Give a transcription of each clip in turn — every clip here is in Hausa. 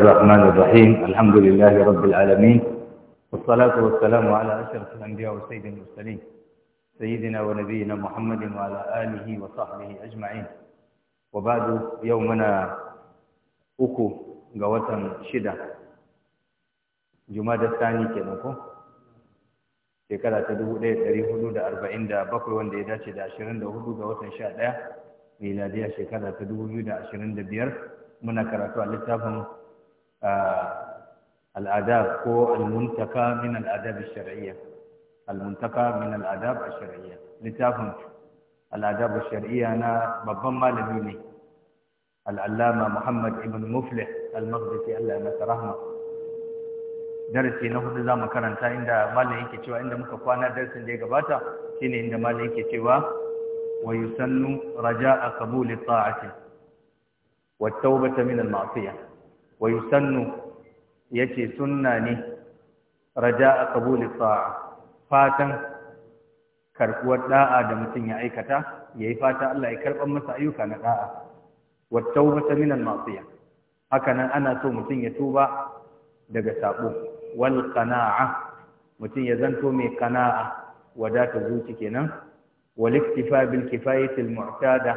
الرحمن الرحيم الحمد لله رب العالمين والصلاة والسلام على أشرف الأنبياء وسيد المرسلين سيدنا ونبينا محمد وعلى آله وصحبه أجمعين وبعد يومنا أكو قوة شدة الثاني كنكو ya dace da ashirin da hudu ga watan sha ɗaya biyar muna karatu a al'adab ko al-muntaka min al'adab shar'iyya al-muntaka min al'adab shar'iyya littafin na babban malami ne al'allama Muhammad ibn Muflih al-Maghdisi Allah ya masa rahma darasi na hudu zamu karanta inda malam yake cewa inda muka kwana darasi da ya gabata shine inda malam yake cewa wa yusannu raja'a qabuli ta'ati wat tawbata min al-ma'siyah wa ya ce sunna ne Raja qabuli ta'a fatan karkuwar da'a da mutum ya aikata yayi fata Allah ya karban masa ayyuka na da'a wa tawbata min masu masiyah haka nan ana so mutum ya tuba daga sabo wal qana'a mutum ya zanto mai qana'a wadata zuci kenan wal iktifa bil kifayatil mu'tada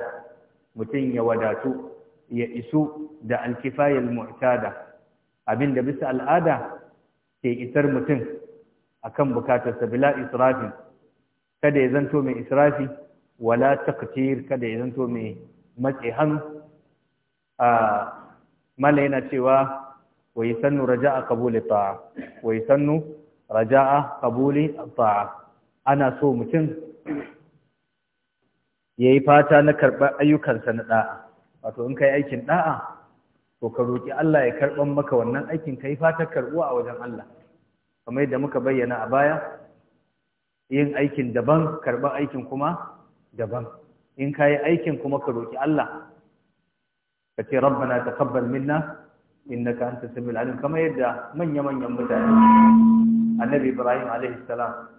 mutum ya wadatu ya isu da alkifayar mu'tada abinda bisa al'ada ke isar mutum akan bukatarsa bila israfin kada ya zanto mai israfi wala taqtir kada ya zanto mai matse hannu a mala yana cewa wa sannu raja'a qabuli ta'a wa sannu raja'a qabuli ta'a ana so mutum yayi fata na karɓar ayyukansa na da'a wato in ka yi aikin ɗa'a, to ka roki Allah ya karɓan maka wannan aikin yi fata karbuwa a wajen Allah kamar yadda muka bayyana a baya yin aikin daban karɓar aikin kuma daban in yi aikin kuma ka roki Allah ka ce rabbana taqabbal minna innaka antas samiul alim kamar yadda manya manyan mutane annabi Ibrahim alaihi salam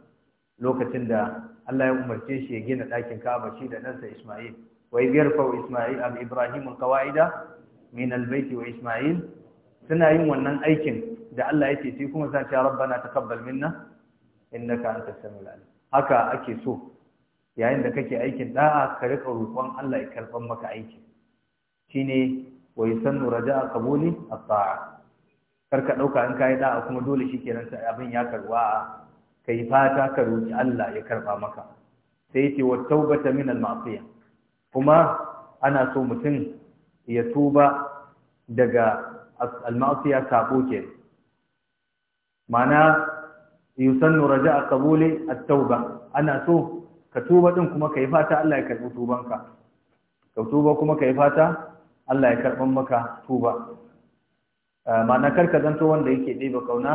lokacin da Allah ya umarce shi ya gina ɗakin Ka'aba shi da ɗansa Isma'il wai biyarfau ismail al’ibrahimun kawa’ida min albaiti wa ismail suna yin wannan aikin da Allah ya teci kuma sa ce rabba na takabbal minna inda ka an tattalin lalata haka ake so yayin da kake aikin ɗa’a ka rika rufon Allah ya karɓar maka aiki shi ne wai san nura ja a kaboli a fara karka ɗauka an kayi ɗa’a kuma dole shi kenan sa abin ya karɓa a ka yi fata ka roƙi Allah ya karɓa maka sai ce wata taubata min al kuma ana so mutum ya tuba daga al-ma'siya sabo ke ma'ana yusannu raja'a qabuli at-tauba ana so ka tuba din kuma kai fata Allah ya karbi tubanka ka tuba kuma kai fata Allah ya karban maka tuba eh, ma'ana karka zanto wanda yake ɗeba kauna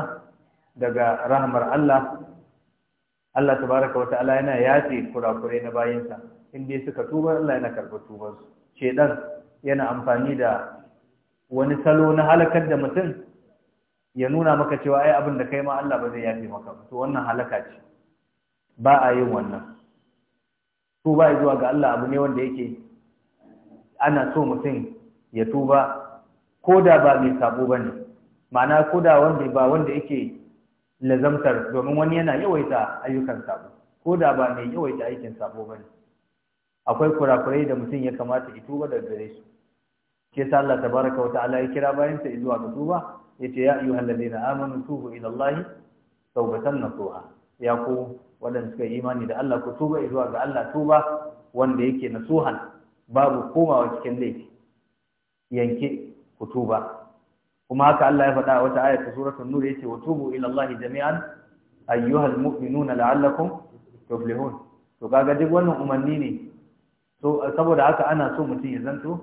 daga rahmar Allah Allah baraka wa ta'ala yana yace kurakure na bayinsa in dai suka tuba Allah yana karɓar tubar su shedan yana amfani da wani salo na halakar da mutum ya nuna maka cewa ai abin da kai ma Allah ba zai yafe maka to wannan halaka ce ba a yin wannan tuba zuwa ga Allah abu ne wanda yake ana so mutum ya tuba ko da ba mai sabo ba ma'ana ko wanda ba wanda yake lazamtar domin wani yana yawaita ayyukan sabo ko da ba mai yawaita aikin sabo ba ne? akwai kurakurai da mutum ya kamata ya tuba daga gare su Ke sa Allah tabaraka wa ta'ala ya kira bayan sa zuwa ga tuba Ya ce ya ayyuhal ladina amanu tubu ila Allah tawbatan nasuha ya ku wadanda suka imani da Allah ku tuba zuwa ga Allah tuba wanda yake nasuhan babu komawa cikin laifi yanke ku tuba kuma haka Allah ya faɗa a wata aya ta suratul nur yace wa tubu ila Allah jami'an ayyuhal mu'minuna la'allakum tuflihun to kaga duk wannan umarni ne to saboda haka ana so mutum ya zanto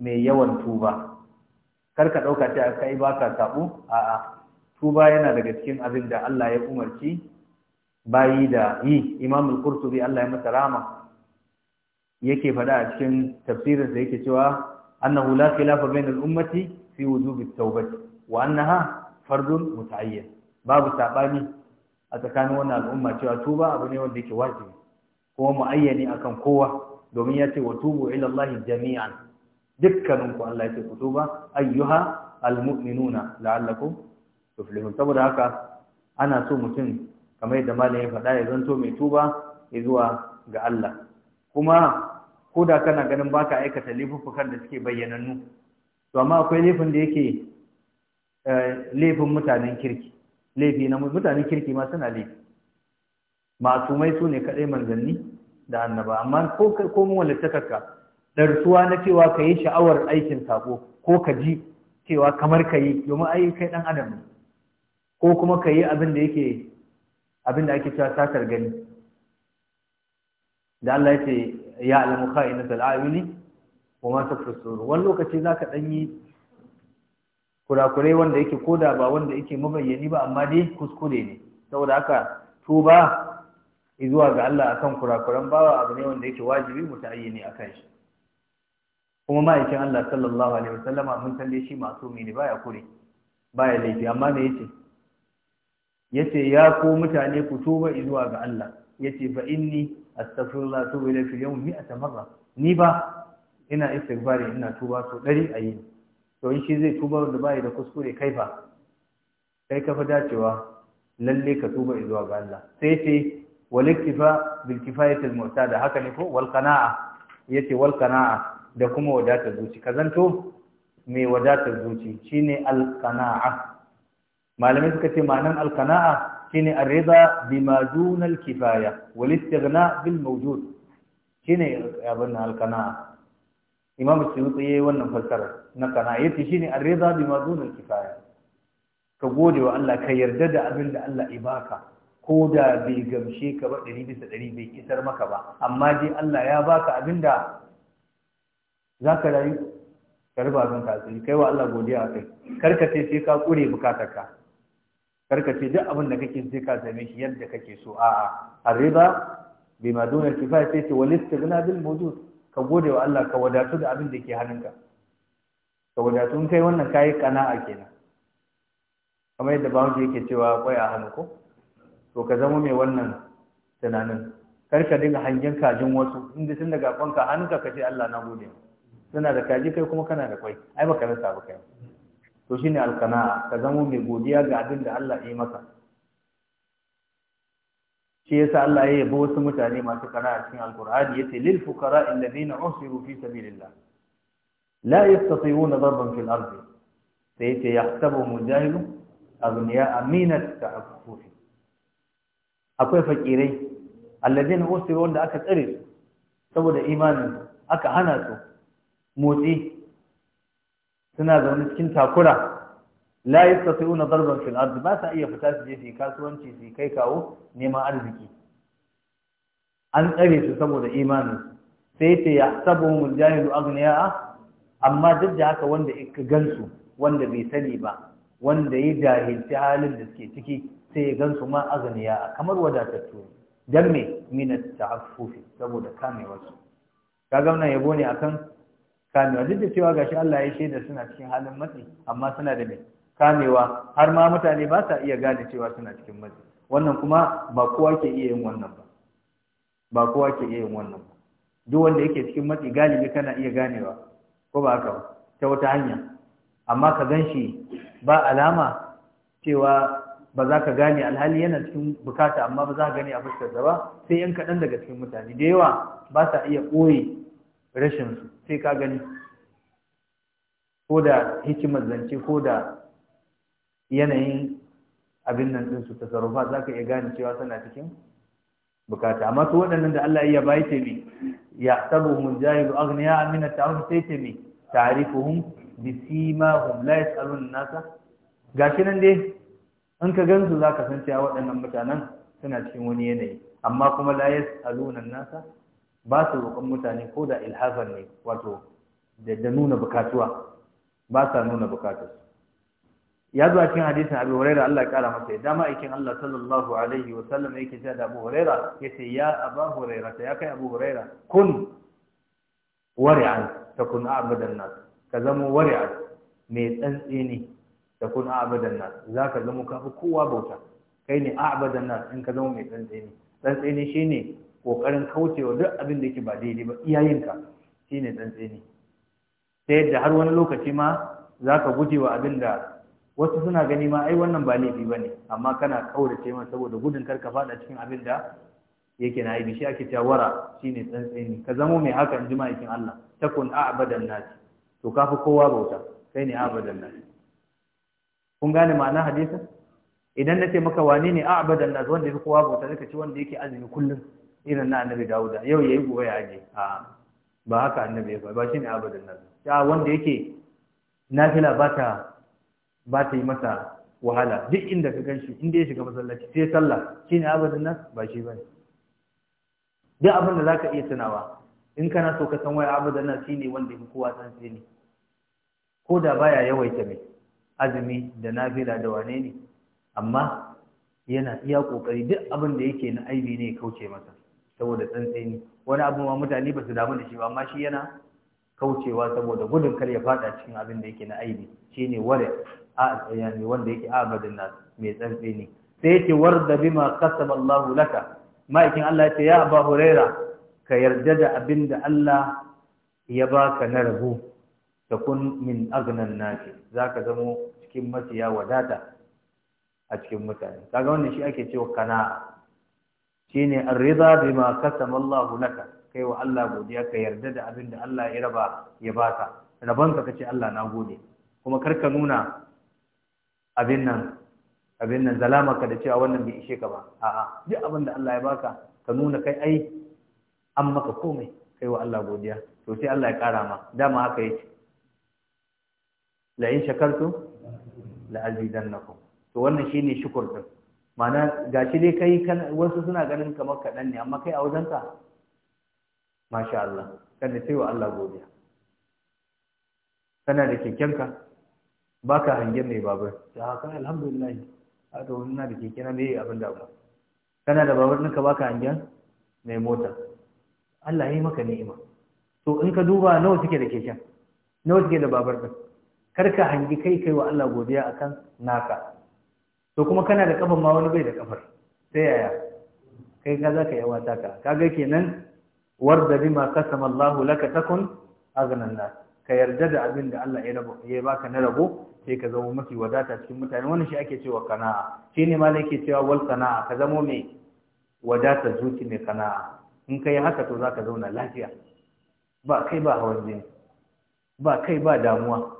mai yawan tuba kar ka dauka ta kai baka sabu a'a tuba yana daga cikin abin da Allah ya umarci bayi da yi Imam al-Qurtubi Allah ya masa yake faɗa a cikin tafsirinsa yake cewa annahu la khilafa bainal ummati fi wujubi tawbati wa annaha fardun mutayyan babu saɓani a tsakanin wannan al'umma cewa tuba abu ne wanda yake wajibi kuma muayyani akan kowa domin ya ce wa tubu ila Allah jami'an dukkaninku Allah ce ku tuba ayyuha almu'minuna la'allakum tuflihun saboda haka ana so mutum kamar yadda malam ya faɗa ya zanto mai tuba ya zuwa ga Allah kuma ko da kana ganin baka aikata laifukan da suke bayyanannu to amma akwai laifin da yake eh, laifin mutanen kirki laifi na mutanen kirki ma suna laifi mai su ne kaɗai manzanni da annaba amma ko ko mun wallattakarka darsuwa na cewa ka yi sha'awar aikin sako ko ka ji cewa kamar ka yi domin ai kai ɗan adam ko kuma ka yi abin da yake abin da ake cewa satar gani da Allah ya ce ya alamu kha'inatul a'yuni ko ma tafsirun wani lokaci zaka dan yi kurakurai wanda yake koda ba wanda yake mabayyani ba amma dai kuskure ne saboda haka tuba zuwa ga Allah akan kurakuran bawa abu ne wanda yake wajibi mutaayyini akan shi kuma ma'aikin Allah sallallahu alaihi wasallama mun san dai shi masumi ne baya kure baya laifi amma me yace yace ya ku mutane ku tuba zuwa ga Allah yace fa inni astaghfirullah tuba ila fi yawmi 100 marra ni ba ina istighfari ina tuba so ɗari a yi to in shi zai tuba da bai da kuskure kai fa kai ka dacewa lalle ka tuba zuwa ga Allah sai ce wal bil kifayat al mu'tada haka ne ko wal qana'a yace wal qana'a da kuma wadatar zuci Kazanto mai wadatar zuci shine al qana'a malamai suka ce ma'anan al qana'a shine ar-ridha bima dun al kifaya wal istighna bil mawjud shine abin al qana'a imamu suyuti yayi wannan fassara na kana yace shine ar-ridha bima dun al-kifaya ka gode wa Allah ka yarda da abin da Allah ya baka ko da bai gamshe ka ba 100 bisa ɗari bai isar maka ba amma dai Allah ya baka abin da zaka rayu ka riba abin ka kai wa Allah godiya kai ce sai ka kure bukatarka ce duk abin da kake sai ka same shi yadda kake so a'a ar-ridha bima dun al-kifaya sai ce wal istighna bil mawjud ka gode wa Allah ka wadatu da abin da ke hannunka ka wadatu in kai wannan kayi kana'a kenan kamar yadda bawanci yake cewa kwai a hannu ko to ka zama mai wannan tunanin kar ka dinga hangen kajin wasu inda tun daga kwanka hannunka ka ce Allah na gode suna da kaji kai kuma kana da kwai ai baka rasa ba kai to shine alkana ka zama mai godiya ga abin da Allah ya yi maka shi yasa Allah ya yabo wasu mutane masu kara a cikin alkur'ani yace lil fuqara alladhina usiru fi sabilillah la yastati'una darban fil ardi sai yace yahsabu mujahidu aghniya aminat ta'affuf akwai fakirai alladhina usiru wanda aka tsare saboda imanin aka hana su motsi suna zaune cikin takura la yastati'una darban fil ard ba sa iya fita su je su kasuwanci su kai kawo neman arziki an tsare su saboda imanin sai ta yahsabuhum al-jahilu agniya amma duk da haka wanda ka gansu wanda bai sani ba wanda ya jahilci halin da suke ciki sai ya gansu ma agniya kamar wadatattu dan me min saboda kamewar su kaga wannan yabo ne akan kamewa duk da cewa gashi Allah ya shaida suna cikin halin matsi amma suna da mai kamewa har ma mutane ba sa iya gane cewa suna cikin mazi wannan kuma ba kowa ke iya yin wannan ba ba kowa ke iya yin wannan ba duk wanda yake cikin matsi galibi kana iya ganewa ko ba haka ba ta wata hanya amma ka gan shi ba alama cewa ba za ka gane alhali yana cikin bukata amma ba za ka gane a fuskar ba sai yan kaɗan daga cikin mutane da yawa ba sa iya ɓoye rashin sai ka gani ko da hikimar zance ko da yanayin abin nan ɗinsu sarrafa, za ka iya gane cewa suna cikin bukata amma su waɗannan da Allah ya bai taimi ya sabu mun jahilu agniya amina ta'awun sai taimi ta'rifuhum bi simahum la yasalun nasa gashi nan dai in ka gansu za ka san cewa waɗannan mutanen suna cikin wani yanayi amma kuma la yasalun nasa ba su roƙon mutane ko da ilhafan ne wato da nuna bukatuwa ba sa nuna bukatuwa ya zuwa cikin hadisin Abu Huraira Allah ya kara masa dama aikin Allah sallallahu alaihi wa sallam yake cewa da Abu Huraira yace ya Abu Huraira ya kai Abu Huraira kun wari'an kun abudan nas ka zama wari'an mai ta kun abudan nas zaka zama ka fi kowa bauta kai ne abudan nas in ka zama mai Tsantseni tsantsini shine kokarin kaucewa duk abin da yake ba daidai ba iyayenka shine tsantseni. Sai da har wani lokaci ma zaka guje wa abin da wasu suna gani ma ai wannan ba laifi ba ne amma kana kaurace masa saboda gudun kar ka faɗa cikin abin da yake na aibi shi ake cewa wara ne tsantseni ka zamo mai haka in ji ma'aikin Allah takun a'badan nasi to kafi kowa bauta kai ne a'badan nasi kun gane ma'ana hadisin idan nace maka wane ne a'badan nasi wanda yafi kowa bauta zaka ci wanda yake azumi kullum irin na annabi Dawuda yau yayi gobe ya aje a ba haka annabi ya ba shine a'badan nasi ta wanda yake nafila ba ta ba ta yi masa wahala duk inda ka gan shi inda ya shiga masallaci sai sallah ne abadin nan?" ba shi ba ne." duk abin da za ka iya tunawa in kana so ka san wai abadin shi ne wanda ya kowa san sai ne ko da baya yawaita mai azumi da nafila da wane ne amma yana iya kokari duk abin da yake na aibi ne ya kauce masa saboda tsantseni wani abu ma mutane ba su damu da shi ba amma shi yana kaucewa saboda gudun kar ya fada cikin abin da yake na aibi shi ne ware a tsaya ne wanda yake abadin nas mai tsantsi ne sai yake warda bima qasama Allah laka ma'aikin Allah ya ce ya Abu Huraira ka yarda da abin da Allah ya baka na rabu kun min agnan nas zaka zamo cikin mafiya wadata a cikin mutane kaga wannan shi ake cewa kana shine ar-ridha bima qasama Allah laka kai wa Allah godiya ka yarda da abin da Allah ya raba ya baka rabanka kace Allah na gode kuma karka nuna abin nan abin nan zalama ka da cewa wannan bai ishe ka ba a'a duk abin da Allah ya baka ka nuna kai ai an maka komai kai wa Allah godiya to sai Allah ya kara ma dama haka yake la in shakartu la azidannakum to wannan shine shukur din ma'ana gashi dai kai kan wasu suna ganin kamar kaɗan ne amma kai a wajen ka? masha Allah kana cewa wa Allah godiya kana da kikkenka ba ka hangen mai babur da haka alhamdulillah a to wani na da keke na mai abin da kana da babur ninka ba ka hangen mai mota Allah ya yi maka ni'ima to in ka duba nawa suke da keken nawa suke da babur ɗin kar ka hangi kai kai wa Allah godiya akan naka to kuma kana da kafan ma wani bai da kafar sai yaya kai ka za ka yi wata ka kaga kenan warda bima qasama Allahu laka takun aghnan nas ka yarda da abin da Allah ya baka na rabo sai ka zama mafi wadata cikin mutane wannan shi ake cewa kana'a shine malai ke cewa wal sana'a ka zama mai wadatar zuci mai sana'a in ka yi haka to za ka zauna lafiya ba kai ba hawan jini ba kai ba damuwa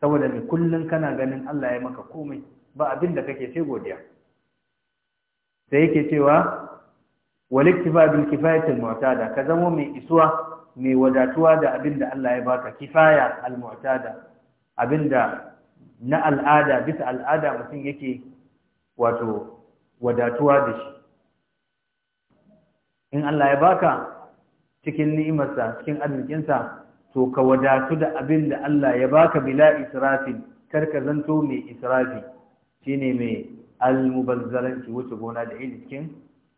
saboda mai kullum kana ganin Allah ya maka komai ba abin da kake sai godiya sai yake cewa waliktifa bil kifayatil mu'tada ka zama mai isuwa mai wadatuwa da abin da Allah ya baka kifaya al-mu'tada abinda na al'ada bisa al'ada mutum yake wato wadatuwa da shi in Allah ya baka cikin ni'imarsa cikin arzikinsa to ka wadatu da abin da Allah ya baka bila israfi karka zanto mai israfi shine mai almubazzaranci wuce gona da iri cikin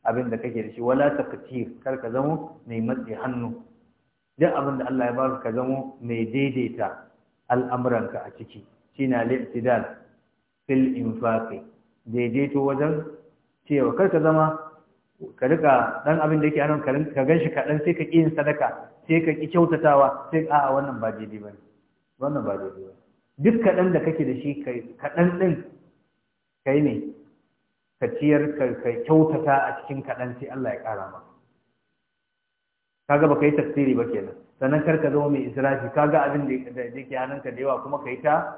abin da kake da shi wala taqtir karka zamo mai matsi hannu duk abin da Allah ya ba ka zamo mai daidaita al'amuranka a ciki Shi na itidal fil infaqi daidaito wajen cewa kar ka zama ka rika ɗan abin da yake anan ka ganshi kaɗan sai ka ƙi yin sadaka sai ka ƙi kyautatawa sai a'a wannan ba daidai bane wannan ba daidai ba duk kaɗan da kake da shi kaɗan ɗin kai ne ka ciyar ka kyautata a cikin kaɗan sai Allah ya ƙara maka kaga baka yi tafsiri ba kenan sannan kar ka zama mai israfi kaga abin da yake hannunka da yawa kuma ka yi ta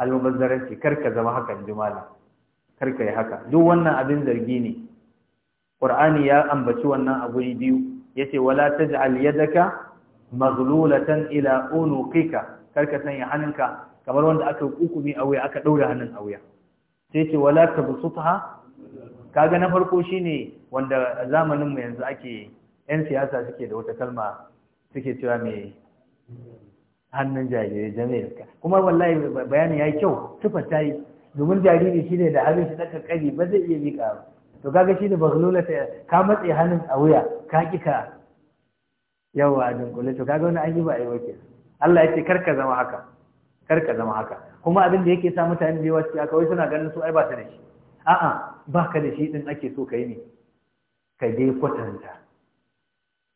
almubazzaranci kar ka zama haka in jimala kar ka yi haka duk wannan abin zargi ne qur'ani ya ambaci wannan a guri biyu yace wala taj'al yadaka maghlulatan ila unuqika kar ka sanya hannunka kamar wanda aka kukumi a wuya aka daura hannun a wuya sai ce wala tabsutha kaga na farko shine wanda zamanin mu yanzu ake 'yan siyasa suke da wata kalma suke cewa mai hannun jariri jami'ar ka kuma wallahi bayani ya yi kyau tufa ta yi domin jariri shi ne da hannun shi na ƙari ba zai iya miƙa ba to kaga shi shine baglola ta ka matse hannun a wuya ka ki ka yawa a dunkule to kaga wani an yi ba a yi wake Allah ya ce kar ka zama haka kar ka zama haka kuma abin da yake sa mutane da yawa suke aka wai suna ganin su ai ba ta da shi a'a ba ka da shi din ake so ka yi ne ka dai kwatanta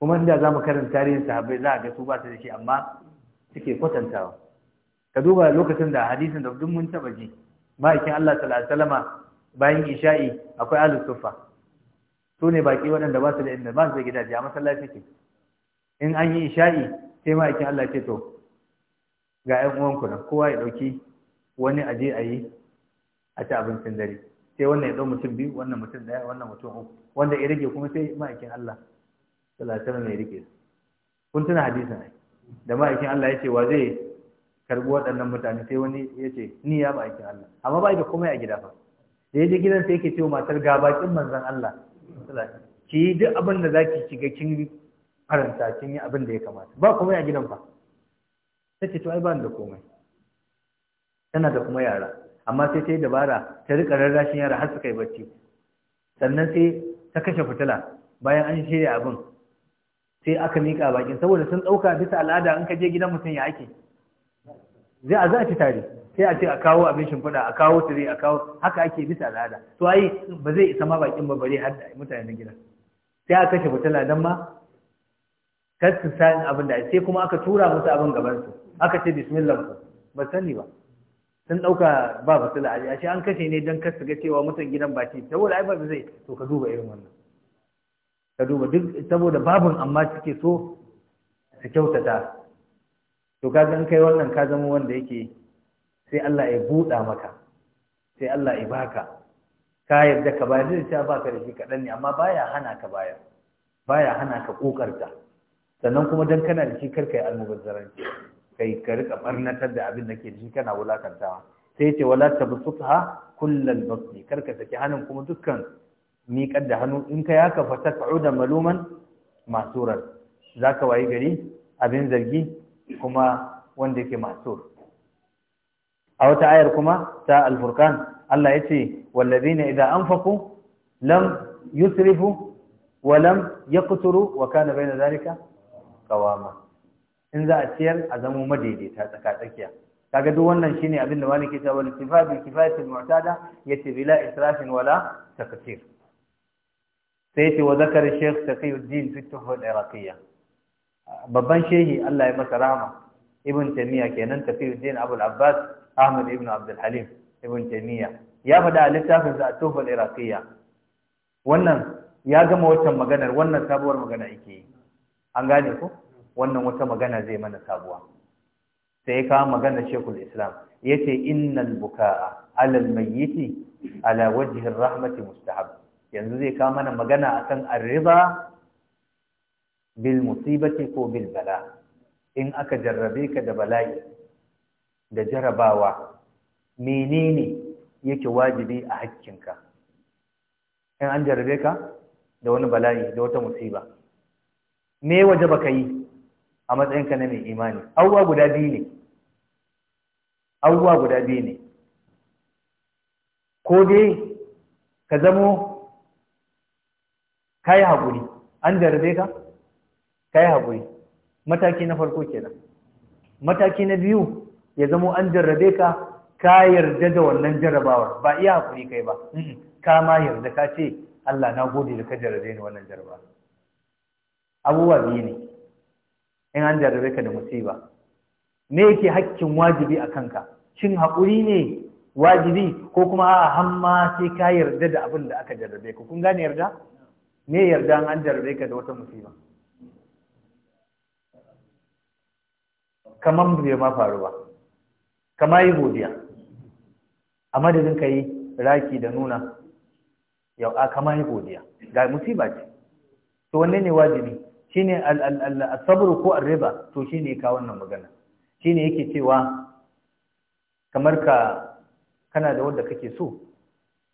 kuma inda za mu karanta tarihin sahabbai za a ga su ba su da shi amma suke kwatantawa ka duba lokacin da hadisin da duk mun taba ji ma'aikin Allah sallallahu alaihi wasallama bayan isha'i akwai ahlus sufa su ne baki waɗanda ba su da inda ba su da gidaje a masallaci ke in an yi isha'i sai ma'aikin Allah ce to ga ƴan uwanku nan kowa ya ɗauki wani aje a yi a ci abincin dare sai wannan ya ɗau mutum biyu wannan mutum ɗaya wannan mutum uku wanda ya rage kuma sai ma'aikin Allah salatar mai rike su kun tuna hadisin ai da ma'aikin Allah ya ce wa zai karbi waɗannan mutane sai wani ya ce ni ya ma'aikin Allah amma ba da komai a gida fa da ya je gidan sai yake ce matar ga bakin manzon Allah ki yi duk abin da zaki shiga kin faranta kin yi abin da ya kamata ba komai a gidan fa sai ce to ai ba da komai tana da kuma yara amma sai ta yi dabara ta riƙa rarrashin yara har su kai bacci sannan sai ta kashe fitila bayan an shirya abin sai aka miƙa baƙin saboda sun ɗauka bisa al'ada in ka je gidan mutum ya ake zai a ci tare sai a ce a kawo abin shimfiɗa a kawo tare a kawo haka ake bisa al'ada to ai ba zai isa ma baƙin ba bare har da na gidan sai a kashe fitila dan ma kar su san abin da sai kuma aka tura musu abin gaban su aka ce bismillah ku ba sani ba sun ɗauka ba fitila a ce an kashe ne don kar su ga cewa mutan gidan ba ce saboda ai ba zai to ka duba irin wannan ka duba duk saboda babun amma suke so su kyautata to kaga in kai wannan ka zama wanda yake sai Allah ya buɗa maka sai Allah ya baka ka yarda ka bayar zai ta baka da shi kaɗan ne amma baya hana ka bayar baya hana ka ƙoƙarta sannan kuma dan kana da shi kar ka yi almubazzaranci kai ka rika barnatar da abin da ke ji kana wulakantawa sai ce wala tabsutha kullal basni kar ka saki hannun kuma dukkan miƙar da hannu in ka yaka fata kauda maluman Za zaka wayi gari abin zargi kuma wanda yake masur a wata ayar kuma ta al-furqan Allah yace idan an faku lam yusrifu wa lam yaqturu wa kana bayna zalika qawama in za a ciyar a zamo madaidaita tsaka tsakiya kaga duk wannan shine abin da maliki ta wal kifabi ya mu'tada yace bila israfin wala takfir sai ce wa zakar sheikh taqiyuddin fi tuhfat iraqiyya babban shehi Allah ya masa rahama ibn taymiya kenan taqiyuddin abul abbas ahmad ibn abdul ibn taymiya ya faɗa a littafin a tuhfat iraqiyya wannan ya gama waccan maganar wannan sabuwar magana yake yi an gane ku? wannan wata magana zai mana sabuwa sai ya kawo magana shekul islam Ya yace innal buka'a alal mayyiti ala wajhi rahmati mustahab yanzu zai kawo mana magana akan arriba bil musibati ko bil bala in aka jarrabe ka da bala'i da jarabawa menene yake wajibi a hakkinka in an jarrabe ka da wani bala'i da wata musiba me waje baka yi a matsayinka na mai imani auwa guda biyu ne auwa guda biyu ne ko dai ka zamo ka yi haƙuri an jarabe ka ka yi haƙuri mataki na farko kenan mataki na biyu ya zama an jarrabe ka ka yarda da wannan jarrabawar ba iya hakuri kai ba ka ma yarda ka ce Allah na gode da ka jarrabe ni wannan jaraba abubuwa biyu ne in an jarrabe ka da musiba me yake hakkin wajibi a kanka shin hakuri ne wajibi ko kuma a hamma sai ka yarda da abin da aka jarrabe ka kun gane yarda me yarda an jarabe ka da wata musiba kamar bai ma faru ba kama yi godiya a madadin ka yi raki da nuna yau a kama yi godiya ga musiba ce to wanne ne wajibi shine ne sabr ko ar-riba to shine ka wannan magana shine yake cewa kamar ka kana da wanda kake so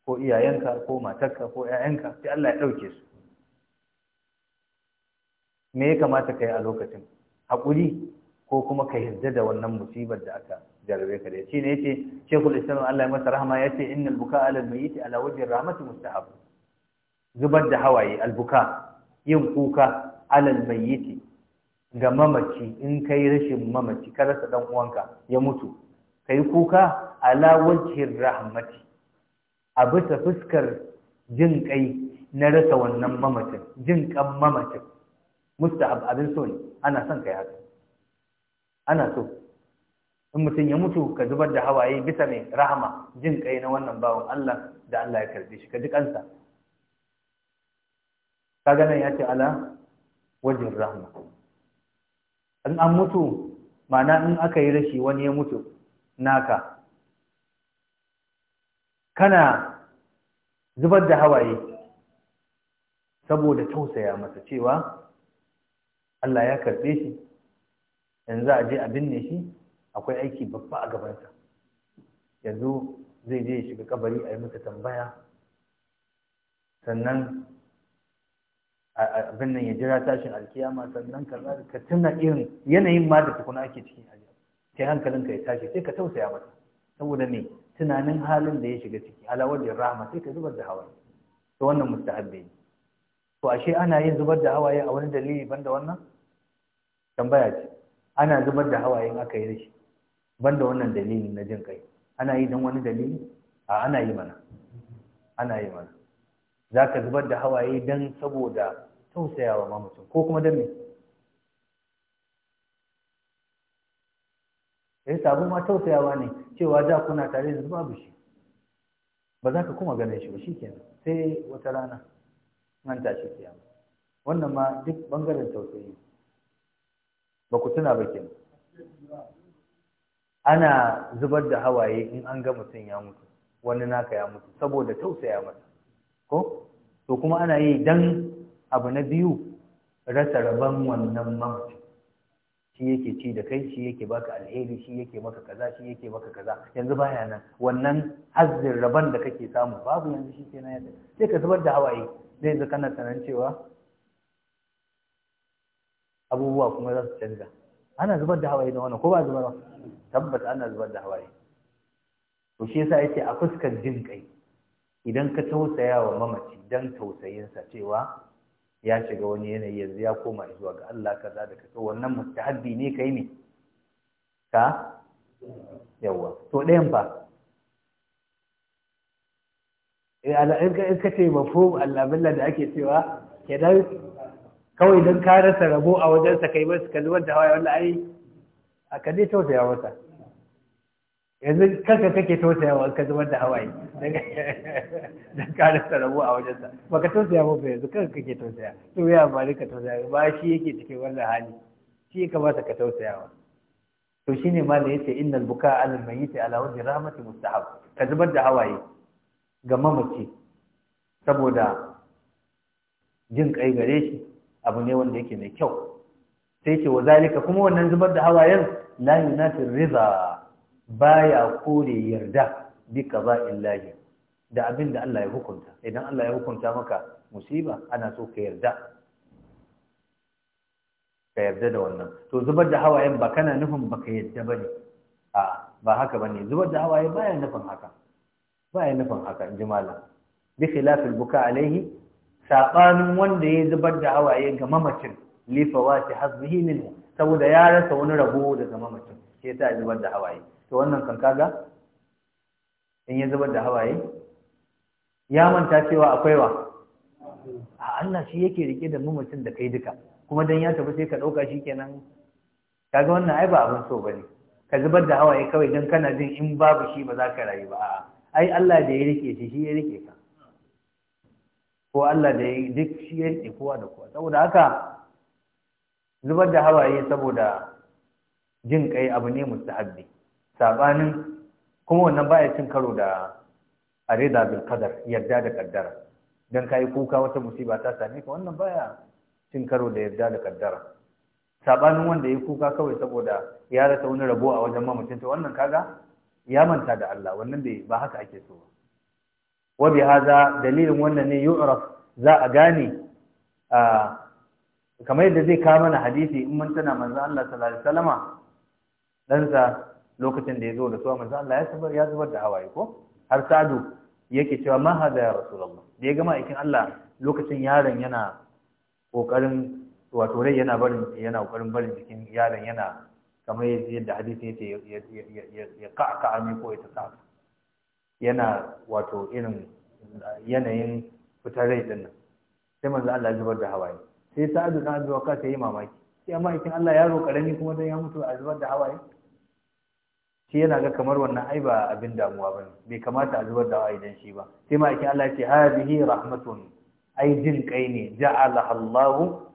ko iyayenka ko matarka ko 'ya'yanka. sai Allah ya ɗauke su me ya kamata ka yi a lokacin haƙuri ko kuma ka yarda da wannan musibar da aka jarabe ka da shi ne yace Sheikhul Islam Allah ya masa rahama yace innal buka ala mayiti ala wajhi rahmati mustahab zubar da hawaye albuka yin kuka ala mayiti ga mamaci in kai rashin mamaci ka rasa dan uwanka ya mutu kai kuka ala wajhi rahmati a bisa fuskar jin kai na rasa wannan mamacin jin kan mamacin mustahab abin so ne ana son kai haka ana so in mutum ya mutu ka zubar da hawaye bisa mai rahama jin kai na wannan bawan Allah da Allah ya karbe shi ka ji kansa ka nan ya ce ala wajen rahama in an mutu mana in aka yi rashi wani ya mutu naka kana zubar da hawaye saboda tausaya masa cewa Allah ya karɓe shi yanzu a je a binne shi akwai aiki babba a gabansa yanzu zai je ya shiga kabari a yi masa tambaya sannan abin nan ya jira tashin alkiyama sannan ka tuna irin yanayin ma da tukuna ake cikin ajiya sai hankalinka ya tashi sai ka tausaya masa saboda me tunanin halin da ya shiga ciki alawar da rahama sai ka zubar da hawa to wannan mustahabbi ne to ashe ana yin zubar da hawaye a wani dalili banda wannan tambaya ce ana zubar da hawaye aka yi rashi banda wannan dalilin na jin kai ana yi don wani dalili a ana yi mana ana yi mana za ka zubar da hawaye don saboda tausayawa mamacin ko kuma don me ya eh, sabu ma tausayawa ne cewa za kuna tare da babu shi ba za ka kuma ganin shi ba shi kenan sai wata rana an tashi kiyama wannan ma duk bangaren tausayi ba ku tuna ba ke ana zubar da hawaye in an ga mutum ya mutu wani naka ya mutu saboda tausaya masa ko to kuma ana yi dan abu na biyu rasa rabon wannan mamaci shi yake ci da kai shi yake baka alheri shi yake maka kaza shi yake maka kaza yanzu baya nan wannan hazzin rabon da kake samu babu yanzu shi kenan ya sai ka zubar da hawaye zai zaka na tsanan cewa abubuwa kuma za su canza ana zubar da hawaye na wannan ko ba zubar ba tabbata ana zubar da hawaye to shi yasa yake a fuskar jin kai idan ka tausaya wa mamaci dan tausayinsa cewa ya shiga wani yanayi yanzu ya koma zuwa ga Allah kaza da kaza wannan mustahabbi ne kai ne ka yawa to ɗayan fa in ka ce mafhum al'amilla da ake cewa kenan kawai don ka rasa rabo a wajensa kai masu kalli da hawaye wanda ai a ka ne tausaya masa yanzu kanka kake tausaya wa ka zubar da hawaye don ka rasa rabo a wajensa ba ka tausaya ba ba yanzu kanka kake tausaya to ya amfani ka tausaya ba shi yake cikin wannan hali shi ka kamata ka tausayawa to shine ma da yace innal buka alal mayyit ala wajhi rahmati mustahab ka zubar da hawaye ga mamaci saboda jin kai gare shi abu ne wanda yake mai kyau sai ce wa zalika kuma wannan zubar da hawayen la yunafi riza baya kore yarda bi illahi. da abin da Allah ya hukunta idan Allah ya hukunta maka musiba ana so ka yarda ka yarda da wannan to zubar da hawayen ba kana nufin baka yarda bane a ba haka bane zubar da hawaye baya nufin haka ba ya nufin haka in ji malam bi khilafil buka alaihi sabanin wanda ya zubar da hawaye ga mamacin li fawati hazbihi minhu saboda ya rasa wani rabo daga mamacin sai ta zubar da hawaye to wannan kan kaga in ya zubar da hawaye ya manta cewa akwai wa a Allah shi yake rike da mamacin da kai duka kuma dan ya tafi sai ka dauka kenan kaga wannan ai ba abin so bane ka zubar da hawaye kawai dan kana jin in babu shi ba za ka rayu ba a'a ai Allah da ya rike shi shi ya rike ka ko Allah da ya duk shi ya rike kowa da kowa saboda haka zubar da hawaye saboda jin kai abu ne mustahabbi sabanin kuma wannan ya cin karo da arida bil qadar yarda da kaddara dan kai kuka wata musiba ta same ka wannan baya cin karo da yarda da kaddara sabanin wanda ya kuka kawai saboda ya rasa wani rabo a wajen mamacin to wannan kaga ya manta da Allah wannan bai ba haka ake so wa bi haza dalilin wannan ne yu'raf za a gane kamar yadda zai kawo mana hadisi in mun tana manzo Allah sallallahu alaihi wasallama dan sa lokacin da yazo da suwa manzo Allah ya zubar ya zubar da hawaye ko har sadu yake cewa ma hada ya rasulullah da ya gama aikin Allah lokacin yaron yana kokarin wato rai yana barin yana kokarin barin jikin yaron yana kamar yadda hadisi yace ya ka'ka ne ko ya tsaka yana wato irin yanayin fitar rai din nan sai manzo Allah ya zubar da hawaye sai ta sa'adu na abi ta yi mamaki sai amma ikin Allah ya yaro karami kuma dan ya mutu a zubar da hawaye shi yana ga kamar wannan ai ba abin damuwa bane bai kamata a zubar da hawaye dan shi ba sai ma ikin Allah ya ce hadihi rahmatun ai jin kai ne ja'ala Allahu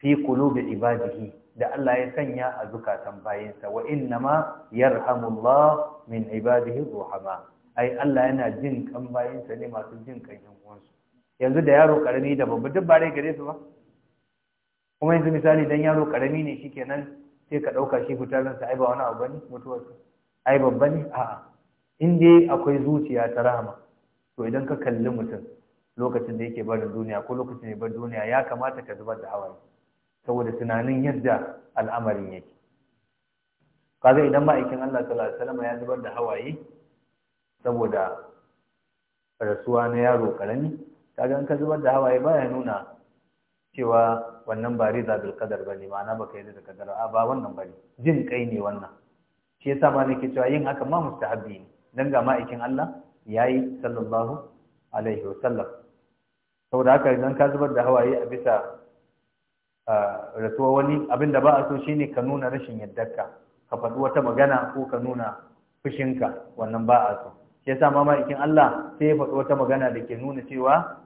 fi kulubi ibadihi da Allah ya sanya a zukatan bayinsa wa ma yarhamullah min ibadihi ruhama ai Allah yana jin kan bayinsa ne masu jin kan yan uwansu yanzu da yaro karami da babba duk bare gare su ba kuma yanzu misali dan yaro karami ne shikenan sai ka dauka shi fitar sa ai ba wani abu bane mutuwar sa ai babba ne a'a in dai akwai zuciya ta rahama to idan ka kalli mutum lokacin da yake barin duniya ko lokacin da ya bar duniya ya kamata ka zubar da hawaye saboda tunanin yadda al'amarin yake Kaza idan ma'aikin Allah sallallahu alaihi wasallam ya zubar da hawaye saboda rasuwa na yaro karami kaga an ka zubar da hawaye baya nuna cewa wannan ba riza bil qadar bane ma'ana baka yi da kadar a ba wannan bane jin kai ne wannan shi yasa ma nake cewa yin haka ma mustahabbi ne dan ga ma'aikin Allah yayi sallallahu alaihi wasallam saboda haka idan ka zubar da hawaye a bisa rasuwa wani abin da ba a so shine ka nuna rashin yaddarka ka faɗi wata magana ko ka nuna fushinka wannan ba a so shi yasa ma ma'aikin Allah sai ya faɗi wata magana da ke nuna cewa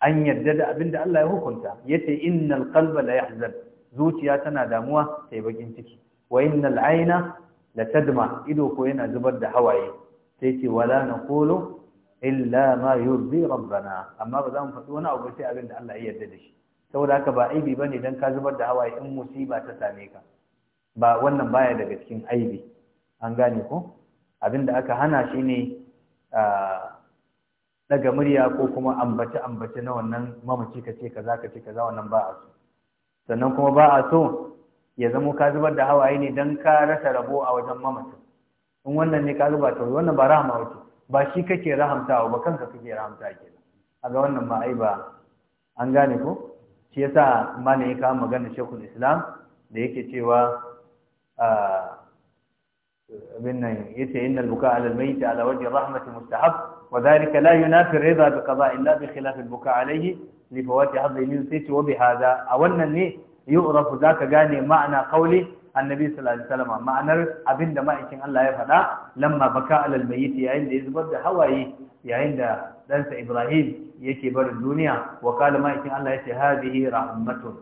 an yarda da abin da Allah ya hukunta yace innal qalba la yahzan zuciya tana damuwa sai bakin ciki wa innal ayna la tadma ido ko yana zubar da hawaye sai ce wala naqulu illa ma yurdi rabbana amma ba za mu faɗi wani abu sai abin da Allah ya yarda da shi saboda haka ba aibi bane dan ka zubar da hawaye in musiba ta same ka ba wannan baya daga cikin aibi an gane ko abinda aka hana shi ne daga murya ko kuma ambace ambace na wannan mamaci ka ce kaza ka ce kaza wannan ba a so sannan kuma ba a so ya zamo ka zubar da hawaye ne dan ka rasa rabo a wajen mamacin in wannan ne ka zuba ta wannan ba rahama wace ba shi kake rahamtawa ba kanka kake rahamta kenan a ga wannan ma ai ba an gane ko shi yasa malam ya kawo magana shekul islam da yake cewa abin nan yace innal buka ala almayt ala wajhi rahmati mustahab wa dhalika la yunafi ridha bi kaza illa bi khilaf albuka alaihi li fawati hadhihi min sayti wa bi hadha wannan ne za zaka gane ma'ana kauli annabi sallallahu alaihi wasallam ma'anar abinda ma'aikin Allah ya faɗa lamma baka alal mayyit yayin da ya zubar da hawaye yayin da ɗansa Ibrahim yake barin duniya wa kala ma'aikin Allah yace hadihi rahmatun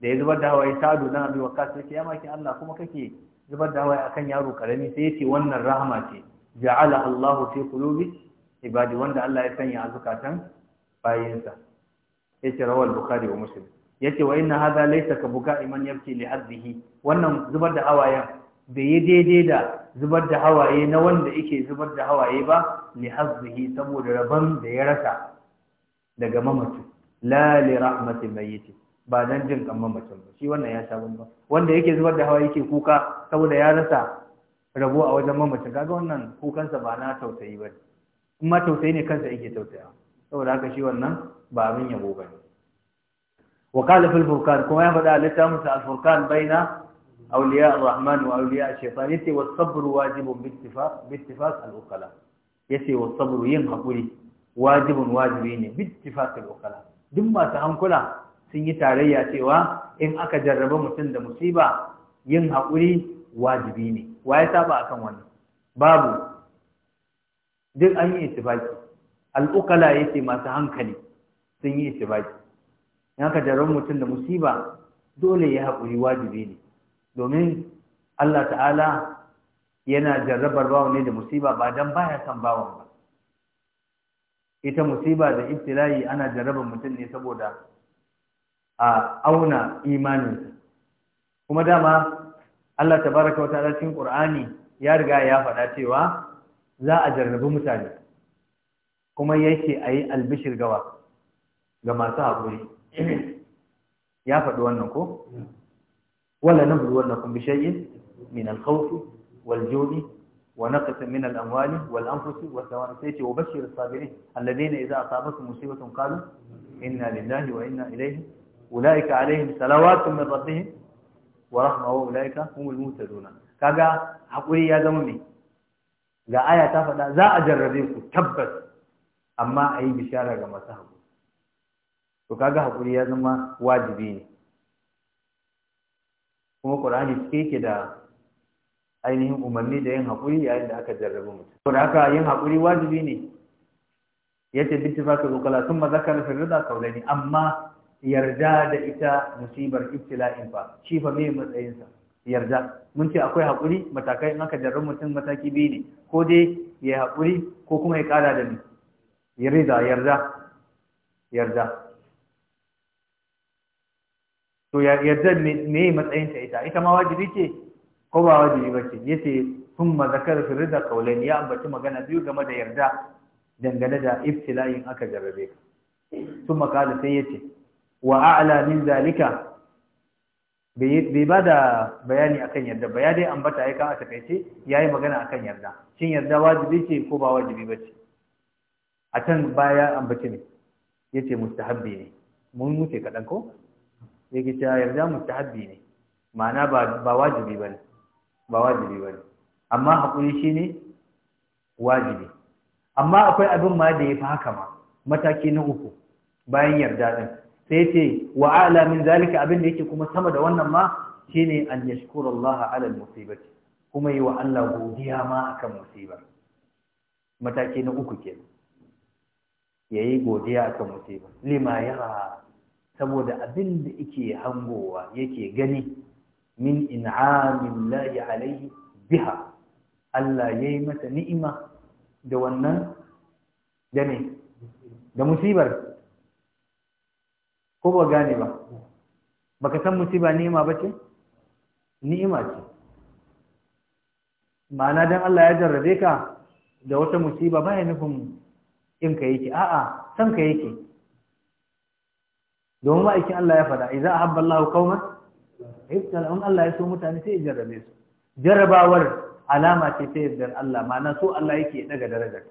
da ya zubar da hawaye sa'adu dan abi waqas yace ya ma'aikin Allah kuma kake zubar da hawaye akan yaro karami sai yace wannan rahama ce ja'ala Allah fi qulubi ibadi wanda Allah ya sanya a zukatan bayinsa yace rawal bukhari wa muslim yace wa inna hadha laysa ka buka iman yabki li hadhihi wannan zubar da hawayen bai yi daidai da zubar da hawaye na wanda yake zubar da hawaye ba li hadhihi saboda rabon da ya rasa daga mamacin la li rahmati mayyit ba dan jin kan mamacin ba shi wannan ya sha ba wanda yake zubar da hawaye yake kuka saboda ya rasa rabo a wajen mamacin kaga wannan kukansa ba na tausayi ba kuma tausayi ne kansa yake tausaya saboda haka shi wannan ba abin yabo ba ne وقال في الفرقان كما يفعل لتامس الفرقان بين أولياء الرحمن وأولياء الشيطان يتي والصبر واجب باتفاق باتفاق الأقلاء يتي والصبر ينهقلي واجب واجبين باتفاق الأقلاء دم ما تهنكلا سنية عليا تيوا إن أكا جرب متند مصيبة ينهقلي واجبين ويتابع كمان بابو دل أي اتفاق الأقلاء يتي ما تهنكلي سنية اتفاق in ka jarar mutum da musiba dole ya haƙuri wajibi ne domin Allah ta'ala yana jarrabar bawa ne da musiba ba dan baya son bawan ba ita musiba da ibtila'i ana jarrabar mutum ne saboda a auna imanin. kuma dama Allah tabaraka wa ta'ala cikin Qur'ani ya riga ya faɗa cewa za a jarrabi mutane kuma yake ayi albishir gawa ga masu haƙuri ya faɗi wannan ko wala nabru wallakum bi shay'in min alkhawfi wal-ju'i wa naqsin min al-amwali wal-anfusi was-samarati wa bashshir as-sabirin alladhina idha asabatuhum musibatun qalu inna lillahi wa inna ilayhi ulaika alaihim salawatun min rabbihim wa rahma wa ulaika humul muhtaduna kaga hakuri ya zama me ga aya ta faɗa za a jarrabe ku tabbas amma ayi bishara ga masu hakuri to kaga hakuri ya zama wajibi ne kuma Qur'ani ke ke da ainihin umarni da yin hakuri yayin da aka jarrabe mutum to haka yin hakuri wajibi ne yace bittifaka zukala thumma zakara fi rida qawlani amma yarda da ita musibar ibtila'in fa shi fa me matsayin yarda mun ce akwai hakuri matakai in aka jarrabe mutum mataki biyu ne ko dai ya hakuri ko kuma ya kara da ni yarda yarda yarda to yardar me matsayin ta ita ita ma wajibi ce ko ba wajibi ba ce yace thumma zakara fi rida qawlan ya ambaci magana biyu game da yarda dangane da ibtila'in aka jarrabe ka thumma qala sai yace wa a'la min zalika bai ba da bayani akan yarda ba ya dai ambata ya a takaice ya yi magana akan yarda shin yarda wajibi ce ko ba wajibi ba ce a can baya ambaci ne ya ce mustahabbi ne mun wuce kaɗan ko yake cewa yarda mustahabbi ne ma'ana ba wajibi bane ba wajibi bane amma hakuri shine wajibi amma akwai abin ma da yafi haka ma mataki na uku bayan yarda din sai ce wa a'la min zalika abin da yake kuma sama da wannan ma shine an yashkura Allah ala al-musibati kuma yi wa Allah godiya ma akan musibar mataki na uku kenan yayi godiya akan musibar lima yara saboda abin da yake hangowa yake gani min in'amin lahi alaihi biha Allah ya yi mata ni'ima da wannan da ne da musibar ko ba gane ba baka san musiba ni'ima ba ce? ni'ima ce ma'ana don Allah ya jarrabe ka da wata musiba ba ya nufin in ka yake a'a san ka yake domin ma'aikin Allah ya faɗa idza ahabba Allahu qauman ibtala in Allah ya so mutane sai ya jarrabe su jarrabawar alama ce ta yardar Allah ma'ana so Allah yake daga darajar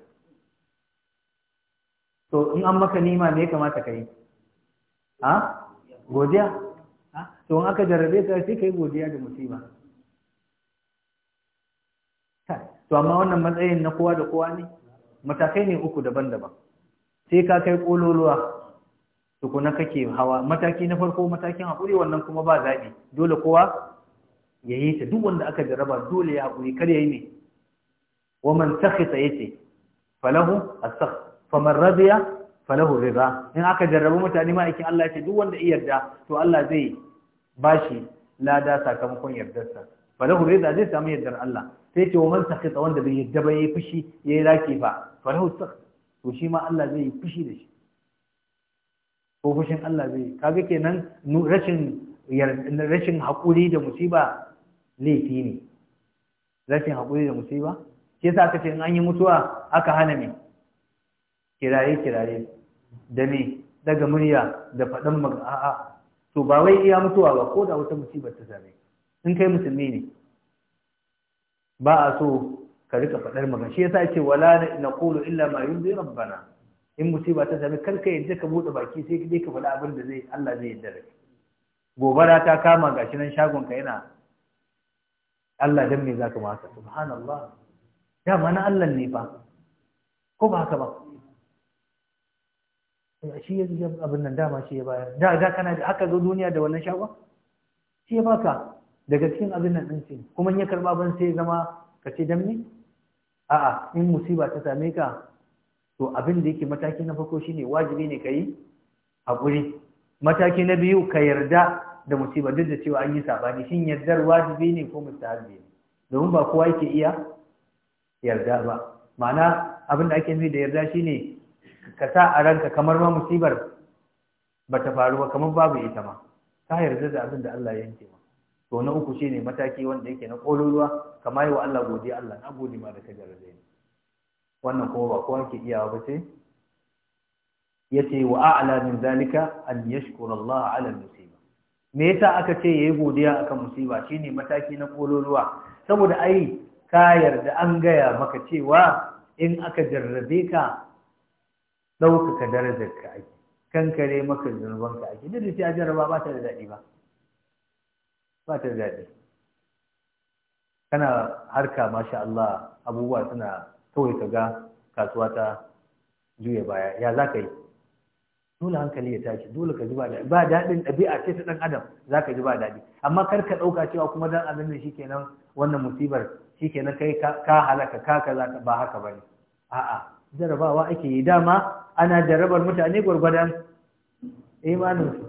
to in an maka nima me ya kamata ka yi ha godiya ha to in aka jarrabe ka sai kai godiya da musiba to amma wannan matsayin na kowa da kowa ne matakai ne uku daban-daban sai ka kai kololuwa tukuna kake hawa mataki na farko matakin haƙuri wannan kuma ba zaɓi dole kowa ya yi ta duk wanda aka jaraba dole ya haƙuri kar ya yi ne wa man sakhita yace falahu as-sakh faman radiya falahu rida in aka jarrabu mutane ma'aikin aikin Allah ce duk wanda ya yarda to Allah zai bashi lada sakamakon yardarsa falahu rida zai samu yardar Allah sai ce wa man sakhita wanda bai yarda ba yayi fushi yayi raki ba falahu as to shi ma Allah zai yi fushi da shi ko fushin Allah zai kaga kenan rashin rashin haƙuri da musiba laifi ne rashin haƙuri da musiba ke sa aka ce in an yi mutuwa aka hana me kirare kirare da me daga murya da faɗan a'a to ba wai iya mutuwa ba ko da wata musiba ta same in kai musulmi ne ba a so ka rika faɗar magana shi yasa ce wala na qulu illa ma yunzi rabbana in musiba ta sami karka yadda ka buɗe baki sai je ka faɗi abin da zai Allah zai yadda da gobara ta kama gashi nan shagon ka yana Allah dan me zaka maka subhanallah ma na Allah ne ba ko ba haka ba shi ya ji abin nan dama shi ya bayar da da kana da haka zo duniya da wannan shagon shi ya baka daga cikin abin nan din kuma in ya karba ban sai zama ka ce dan me a'a in musiba ta same ka to abin da yake mataki na farko shine wajibi ne kai hakuri mataki na biyu ka yarda da musibar duk da cewa an yi sabani shin yardar wajibi ne ko mustahabi ne domin ba kowa yake iya yarda ba ma'ana abin da ake nufi da yarda shine ka sa a ranka kamar ma musibar ba ta faru ba kamar babu ita ma ka yarda da abin da Allah ya yanke ma to na uku shine mataki wanda yake na kololuwa kamar yi wa Allah godiya Allah na gode ma da ka jarabe ni wannan kuma ba kowa ke iyawa ba sai yace wa a'la min zalika an yashkura Allah ala musiba me yasa aka ce yayi godiya akan musiba shine mataki na kololuwa saboda ai ka yarda an gaya maka cewa in aka jarrabe ka ɗaukaka darajar ka ake kankare maka zunuban ka ake duk da jarraba ba ta da daɗi ba ba ta da daɗi kana harka masha Allah abubuwa suna kawai ka ga kasuwa ta juya baya ya za ka yi dole hankali ya tashi dole ka ji ba daɗi ba daɗin ɗabi'a ce ta ɗan adam za ka ji ba daɗi amma kar ka ɗauka cewa kuma dan adam ne shikenan wannan musibar shikenan kai ka halaka ka kaza ba haka ba ne a'a jarabawa ake yi dama ana jarabar mutane gwargwadon imaninsu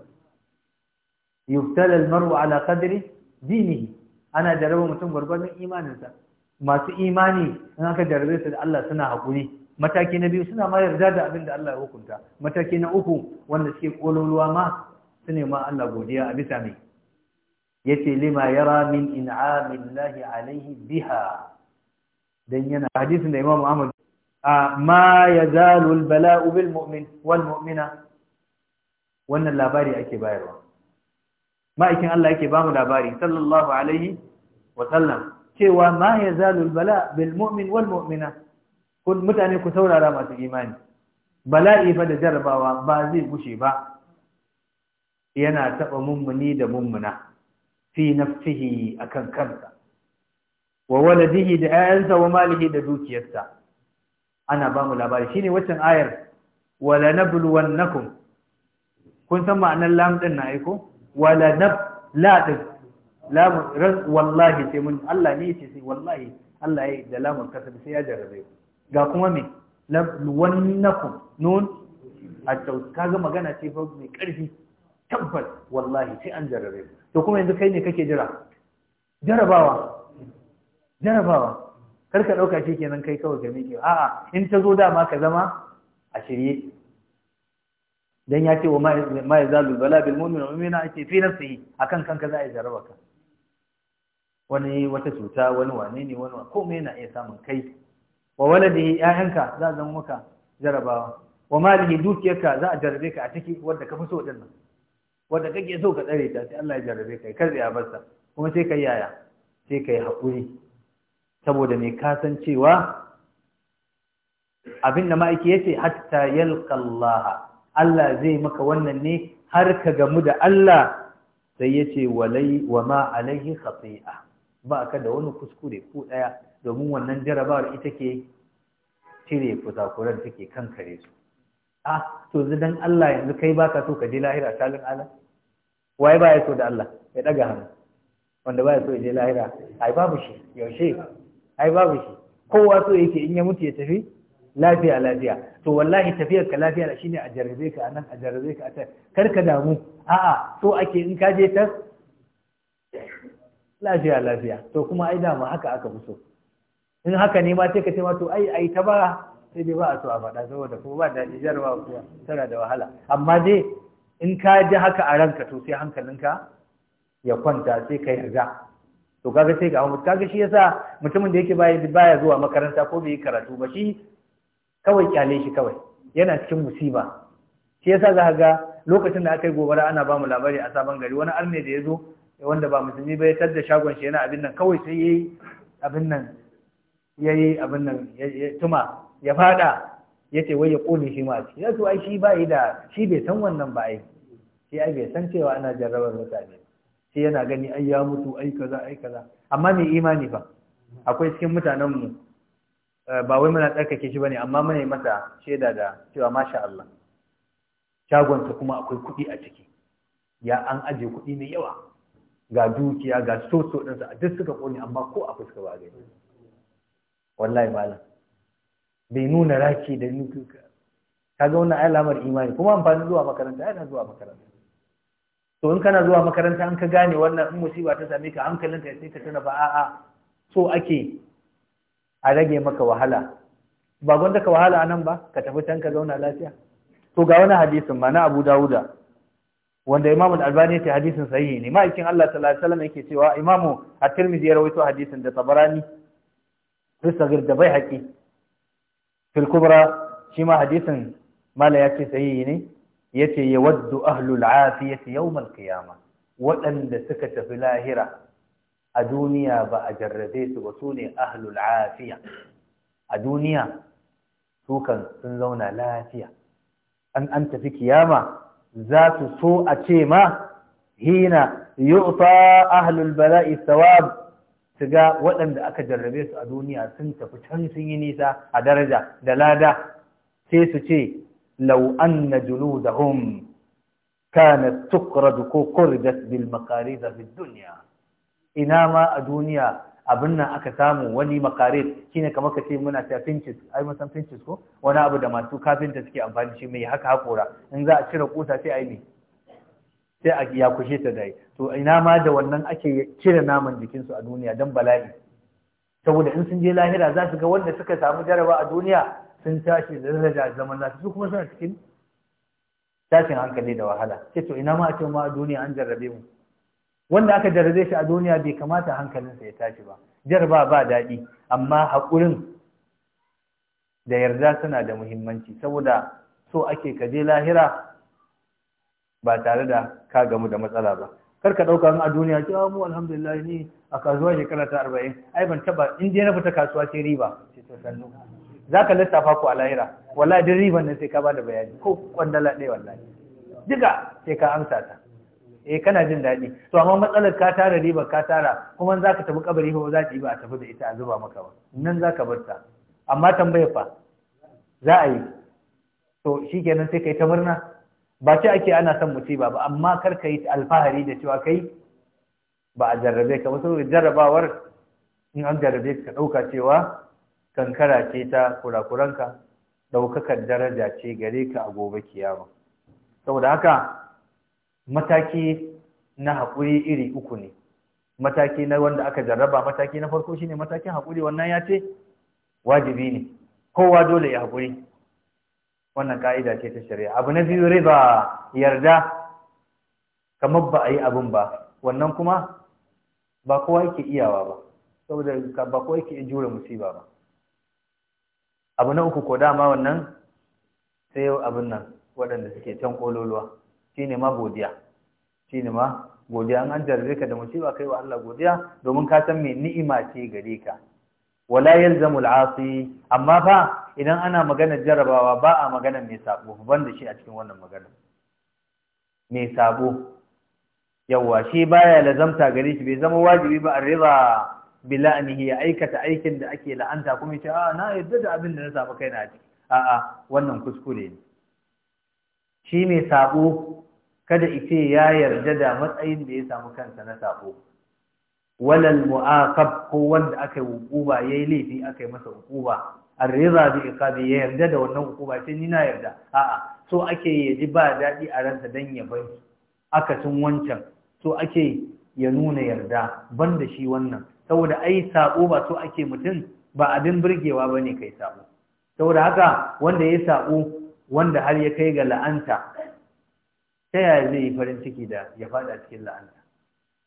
yuftala almar'u ala qadri dinihi ana jarabar mutum gwargwadon imaninsa masu imani in aka jarabe su da Allah suna haƙuri mataki na biyu suna ma yarda da abin da Allah ya hukunta mataki na uku wanda suke kololuwa ma su ne ma Allah godiya a bisa mai yace lima yara min in'amillahi alaihi biha dan yana hadisin da Imam A ma yazalu al-bala'u bil mu'min wal mu'mina wannan labari ake bayarwa ma'aikin Allah yake bamu labari sallallahu alaihi wa sallam cewa ma ya zalul bala bil mu'min kun mutane ku saurara masu imani bala'i fa da jarabawa ba zai gushe ba yana taɓa mummuni da mummuna fi nafsihi akan kansa wa waladihi da 'ya'yansa wa malihi da dukiyarsa ana ba mu labari shine waccan ayar wala nabluwannakum kun san ma'anar lam na aiko wala nab la din wallahi sai mun Allah ne yace sai wallahi Allah ya da lamun kasabi sai ya jarrabe ga kuma me lawannakum nun a kaga magana ce fa mai karfi tabbas wallahi sai an jarrabe to kuma yanzu kai ne kake jira jarabawa jarabawa kar ka dauka shi kenan kai kawai game miƙe a'a in ta zo dama ka zama a shirye dan ya ce wa ma yazalu bala bil mu'min wa mu'mina ake fi nafsihi akan kanka za a jarabaka ka wani wata cuta wani wane ne wani wa komai na iya samun kai wa ya ƴaƴanka za a zama maka jarabawa wa malihi dukiyarka za a jarabe ka a ciki wanda ka fi so din nan wanda kake so ka tsare ta sai Allah ya jarabe ka kar ya barsa kuma sai ka yaya sai ka yi haƙuri saboda me ka san cewa abin da ma'aiki ya ce hatta yalƙallaha Allah zai maka wannan ne har ka gamu da Allah sai ya ce wa ma alaihi khati'a ba ka da wani kuskure ko ɗaya domin wannan jarabawar ita ke cire kusakuran take kankare su a ah, to zidan Allah yanzu kai baka so ka je lahira talin ala waye baya so da Allah ya daga hannu wanda baya so ya je lahira ai babu shi yaushe ai babu shi kowa so yake in ya mutu ya tafi lafiya lafiya to wallahi tafiyar ka lafiya shine a jarabe ka anan a jarabe ka a can kar ka damu a'a so ake in ka je ta lafiya lafiya to kuma ai dama haka aka fi so in haka ne ma sai ka ce ma to ai ai ta ba sai dai ba a so a faɗa saboda kuma ba daɗi jarawa kuwa tana da wahala amma dai in ka ji haka a ranka to sai hankalinka ya kwanta sai ka yarda to kaga sai ga mutum kaga shi yasa mutumin da yake baya baya zuwa makaranta ko bai karatu ba shi kawai kyale shi kawai yana cikin musiba shi yasa za ga lokacin da aka yi gobara ana ba mu labari a sabon gari wani arne da ya zo wanda ba musulmi ba ya tadda shagon shi yana abin nan kawai sai yayi abin nan yayi abin nan tuma ya fada yace wai ya kone shi ma ya to ai shi bai da shi bai san wannan ba ai shi ai bai san cewa ana jarrabar mutane shi yana gani ai ya mutu ai kaza ai kaza amma mai imani fa akwai cikin mutanen mu eh, ba wai muna tsarkake shi bane amma muna masa sheda da cewa masha Allah Shagon ta kuma akwai kuɗi a ciki ya an aje kuɗi mai yawa ga dukiya ga soso ɗinsa a duk suka ƙone amma ko a fuska ba gani wallahi malam bai nuna raki da nukuka ka ga wannan alamar imani kuma amfanin zuwa makaranta yana zuwa makaranta to in kana zuwa makaranta an ka gane wannan in musiba ta same ka hankalinka sai ka tana ba a'a so ake a rage maka wahala ba gwanda ka wahala anan ba ka tafi can ka zauna lafiya to ga wani hadisin ma na Abu Dawuda wanda imamu al-albani ya ce hadisin sahihi ne ma'aikin Allah sallallahu alaihi wasallam yake cewa imamu at-tirmidhi ya rawaito hadisin da tabarani bisagir da bai haƙi fil kubra shi ma hadisin mala ya ce sahihi ne yace yawaddu ahlul afiyati yawm al-qiyamah waɗanda suka tafi lahira a duniya ba a jarrabe su ba su ne ahlul afiya a duniya su kan sun zauna lafiya an an tafi kiyama za su so a ce ma hina yu'ta ahlul bala'i thawab ga waɗanda aka jarrabe su a duniya sun tafi can sun yi nisa a daraja da lada sai su ce law anna junudahum kana tuqrad ko qurdat bil maqarid fi ina ma a duniya abin nan aka samu wani makarir shine kamar ka ce muna ta finches. ai mun san finches ko wani abu da masu kafinta suke amfani shi mai haka hakora in za a cire kusa sai ai me sai a ya kushe ta dai to ina ma da wannan ake cire naman jikin su a duniya dan bala'i saboda in sun je lahira za su ga wanda suka samu jaraba a duniya sun tashi da daraja zaman lafiya su kuma suna cikin tashin hankali da wahala sai to ina ma a ce ma a duniya an jarrabe mu wanda aka jarabe shi a duniya bai kamata hankalinsa ya tashi ba jarba ba daɗi amma haƙurin da yarda suna da muhimmanci saboda so ake kaje lahira ba tare da ka gamu da matsala ba kar ka ɗauka a duniya ce ah, mu alhamdulillah ni a kasuwa shekara ta arba'in ai ban taɓa in je na fita kasuwa ce riba ce to sannu za ka lissafa ku a lahira wallahi duk riban nan sai ka ba da bayani ko kwandala ɗaya wallahi duka sai ka amsa ta eh kana jin daɗi to amma matsalar ka tara riba ka tara kuma za ka tafi kabari ba za ta yi ba a tafi da ita a zuba maka ba nan za ka barta amma tambayar fa za a yi to shi kenan sai kai ta murna ba ce ake ana son musiba ba amma kar ka yi alfahari da cewa kai ba a jarrabe ka wasu jarrabawar in an jarrabe ka ɗauka cewa kankara ce ta kurakuranka ɗaukakar daraja ce gare ka a gobe kiyama saboda haka mataki na haƙuri iri uku ne mataki na wanda aka jarraba mataki na farko shine matakin haƙuri wannan ya ce wajibi ne kowa dole ya haƙuri wannan ka'ida ce ta shari'a abu na biyu ba yarda kamar ba a yi abin ba wannan kuma ba kowa yake iyawa ba saboda ba kowa yake jure musiba ba abu na uku ko dama wannan sai abin nan waɗanda suke can ƙololuwa ne ma godiya ne ma godiya an jarrabe ka da musiba kai wa Allah godiya domin ka san me ni'ima ce gare ka wala yalzamu al'asi amma fa idan ana magana jarabawa ba a magana mai sabo banda shi a cikin wannan magana mai sabo yawa shi baya lazamta gare shi bai zama wajibi ba arriba bila anihi ya aikata aikin da ake la'anta kuma ya ce a ah, na yadda da abin da na saba kaina a a a'a wannan kuskure ne shi ne saɓo kada ita ya yarda da matsayin da ya samu kansa na sabo walal mu'aqab ko wanda aka yi hukuba yayi laifi aka yi masa ar arriza bi iqabi ya yarda da wannan hukuba? sai ni na yarda a'a so ake ya ji ba dadi a ranta dan ya bai aka tun wancan so ake ya nuna yarda banda shi wannan saboda ai sabo ba so ake mutum ba abin burgewa bane kai sabo saboda haka wanda ya saɓo wanda har ya kai ga la'anta ta yaya zai yi farin ciki da ya fada cikin la'anta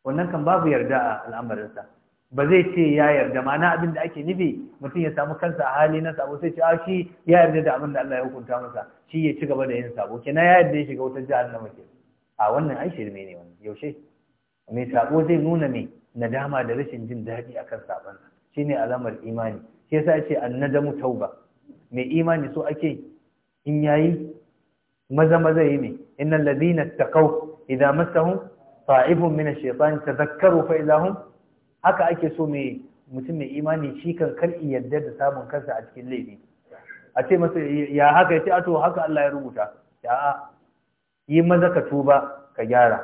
wannan kan babu yarda a al'amarinsa ba zai ce ya yarda na abin da ake nufi mutum ya samu kansa a hali na sabo sai ce a ah, shi ya yarda da abin da Allah ya hukunta masa shi ya ci gaba da yin sabo kina ya yarda ya shiga wutar jahannama ke a wannan ai shirme ne wannan yaushe mai sabo zai nuna mai nadama da rashin jin daɗi akan Shi shine alamar imani shi yasa ya ce annadamu tauba mai imani so ake in yayi maza maza yi ne innal ladina taqaw idza massahum ta'ifun min ash-shaytan tadhakkaru fa ilahum haka ake so mai mutum mai imani shi kan kar yarda da samun kansa a cikin laifi a ce masa ya haka yace ato haka Allah ya rubuta ya yi maza ka tuba ka gyara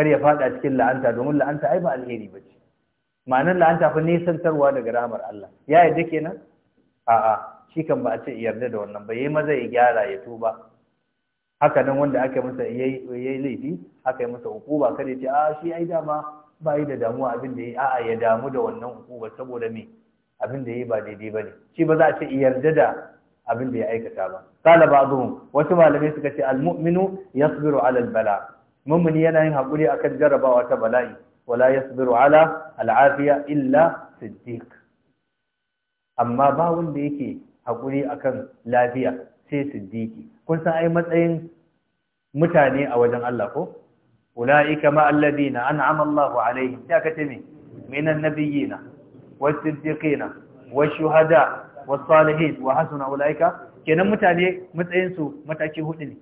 kar ya fada cikin la'anta domin la'anta ai ba alheri ce ma'anar la'anta fa nesantarwa daga rahmar Allah ya yadda kenan a'a shi kan ba a ce yarda da wannan ba yayi maza ya gyara ya tuba haka nan wanda aka masa yayi laifi aka yi masa ba kada ya ce a ah, shi ai dama ba yi da damuwa abin da yayi a'a ya damu da wannan ba saboda me abin da yayi ba daidai ba ne. shi ba za a ce yarda da abin da ya aikata ba qala ba'dhum wasu malamai suka ce almuminu muminu yasbiru 'ala al-bala mu'mini yana yin hakuri akan jarabawa ta bala'i wala yasbiru 'ala al-afiya illa siddiq amma ba wanda yake haƙuri akan lafiya sai sidiki. kun san ai matsayin mutane a wajen Allah ko ulaika ma alladhina an'ama Allahu alaihim da ka tame minan nabiyina was-siddiqina wash-shuhada was-salihin wa hasuna ulaika kenan mutane matsayin su mataki hudu ne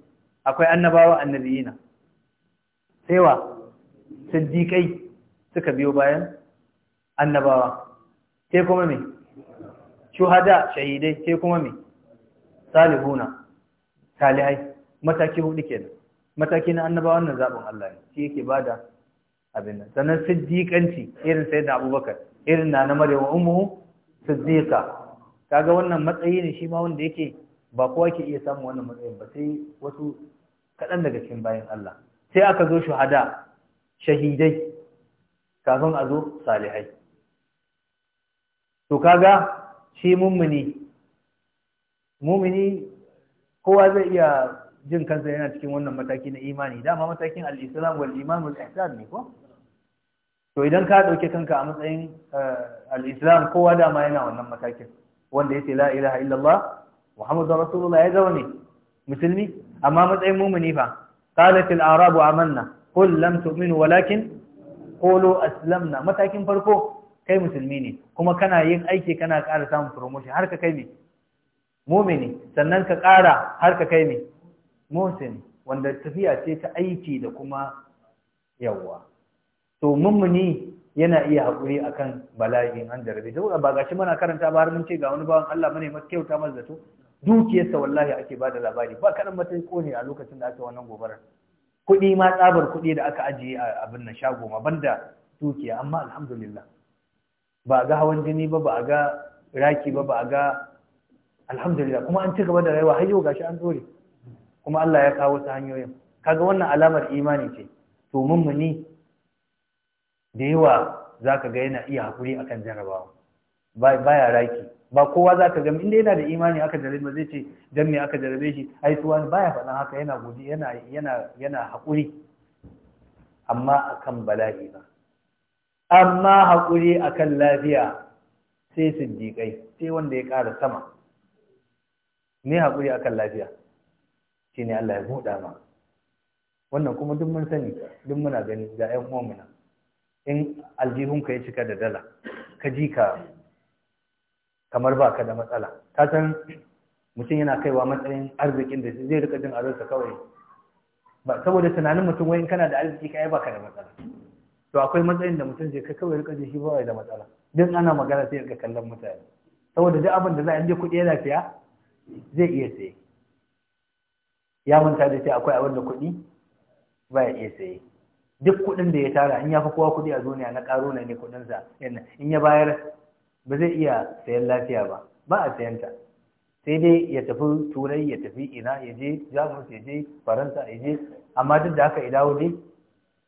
akwai annabawa annabiyina sai wa siddiqai suka biyo bayan annabawa sai kuma me shuhada shahidai sai kuma me salihuna salihai mataki hudu kenan mataki na annaba wannan zaɓin Allah ne shi yake bada abin nan sannan siddiƙanci irin sai da abubakar irin na na marewa umu siddiƙa kaga wannan matsayi ne shi ma wanda yake ba kowa ke iya samun wannan matsayin ba sai wasu kaɗan daga cikin bayan Allah sai aka zo shuhada shahidai kafin a zo salihai to kaga shi mummuni mumini kowa zai iya jin kansa yana cikin wannan mataki na imani dama matakin al'islam islam wal iman wal ihsan ne ko to idan ka dauke kanka a matsayin eh, al'islam kowa dama yana wannan matakin wanda yace la ilaha illallah muhammadur rasulullah ya zama ne musulmi amma matsayin mumini fa qalat al-arabu amanna qul lam tu'minu walakin qulu aslamna matakin farko kai musulmi ne kuma kana yin aiki kana ƙara samun promotion har ka kai ne mumini sannan ka ƙara har ka kai ne muhsin wanda tafiya ce ta aiki da kuma yawa to mummuni yana iya haƙuri akan bala'i an jarabe saboda ba gashi muna karanta ba har mun ce ga wani bawan Allah mune masa kyauta masa zato dukiyarsa wallahi ake ba da labari ba kanan ko ne a lokacin da aka wannan gobarar kuɗi ma tsabar kuɗi da aka ajiye a abin nan shago ma banda dukiya amma alhamdulillah ba a ga hawan jini ba ba a ga raki ba ba a ga alhamdulillah kuma an ci gaba da rayuwa har yau gashi an dore kuma Allah ya kawo ta hanyoyin kaga wannan alamar imani ce to mummuni da yawa zaka ga yana iya hakuri akan jarabawa baya raki ba kowa zaka ga inda yana da imani aka jarabe zai ce dan me aka jarabe shi ai tuwa baya faɗan haka yana gudi yana yana yana hakuri amma akan bala'i ba amma haƙuri akan lafiya sai siddiƙai sai wanda ya ƙara sama ne haƙuri akan lafiya shi ne Allah ya buɗa ma wannan kuma duk mun sani duk muna gani ga 'yan in aljihunka ya cika da dala ka ji ka kamar ba ka da matsala ka san mutum yana kaiwa matsayin arzikin da zai rika jin arzikinsa kawai ba saboda tunanin mutum wai in kana da arziki kai ba ka da matsala to akwai matsayin da mutum zai kai kawai rika shi ba da matsala duk ana magana sai rika kallon mutane saboda duk abin da za a yi kuɗi yana siya zai iya saye ya manta da sai akwai abin da kuɗi ba ya iya saye duk kuɗin da ya tara in ya fi kowa kuɗi a duniya na ƙaro ne sa in ya bayar ba zai iya sayan lafiya ba ba a sayanta sai dai ya tafi turai ya tafi ina ya je jamus ya je faransa ya je amma duk da haka ya dawo dai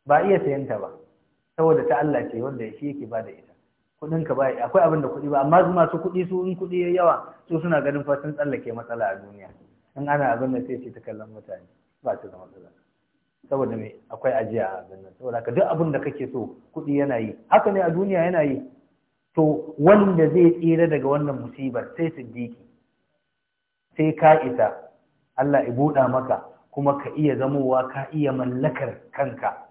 ba iya sayanta ba saboda ta Allah ce wanda shi yake ba da ita kudin ka ba akwai abin da kudi ba amma su masu kudi su in kudi yayi yawa su suna ganin fa sun tsallake matsala a duniya in ana abin da sai ce ta kallon mutane ba ta zama matsala saboda me akwai ajiya a abin nan saboda ka duk abin da kake so kudi yana yi haka ne a duniya yana yi to wanda zai tsira daga wannan musibar sai Siddiki, sai ka ita Allah ya buɗa maka kuma ka iya zamowa ka iya mallakar kanka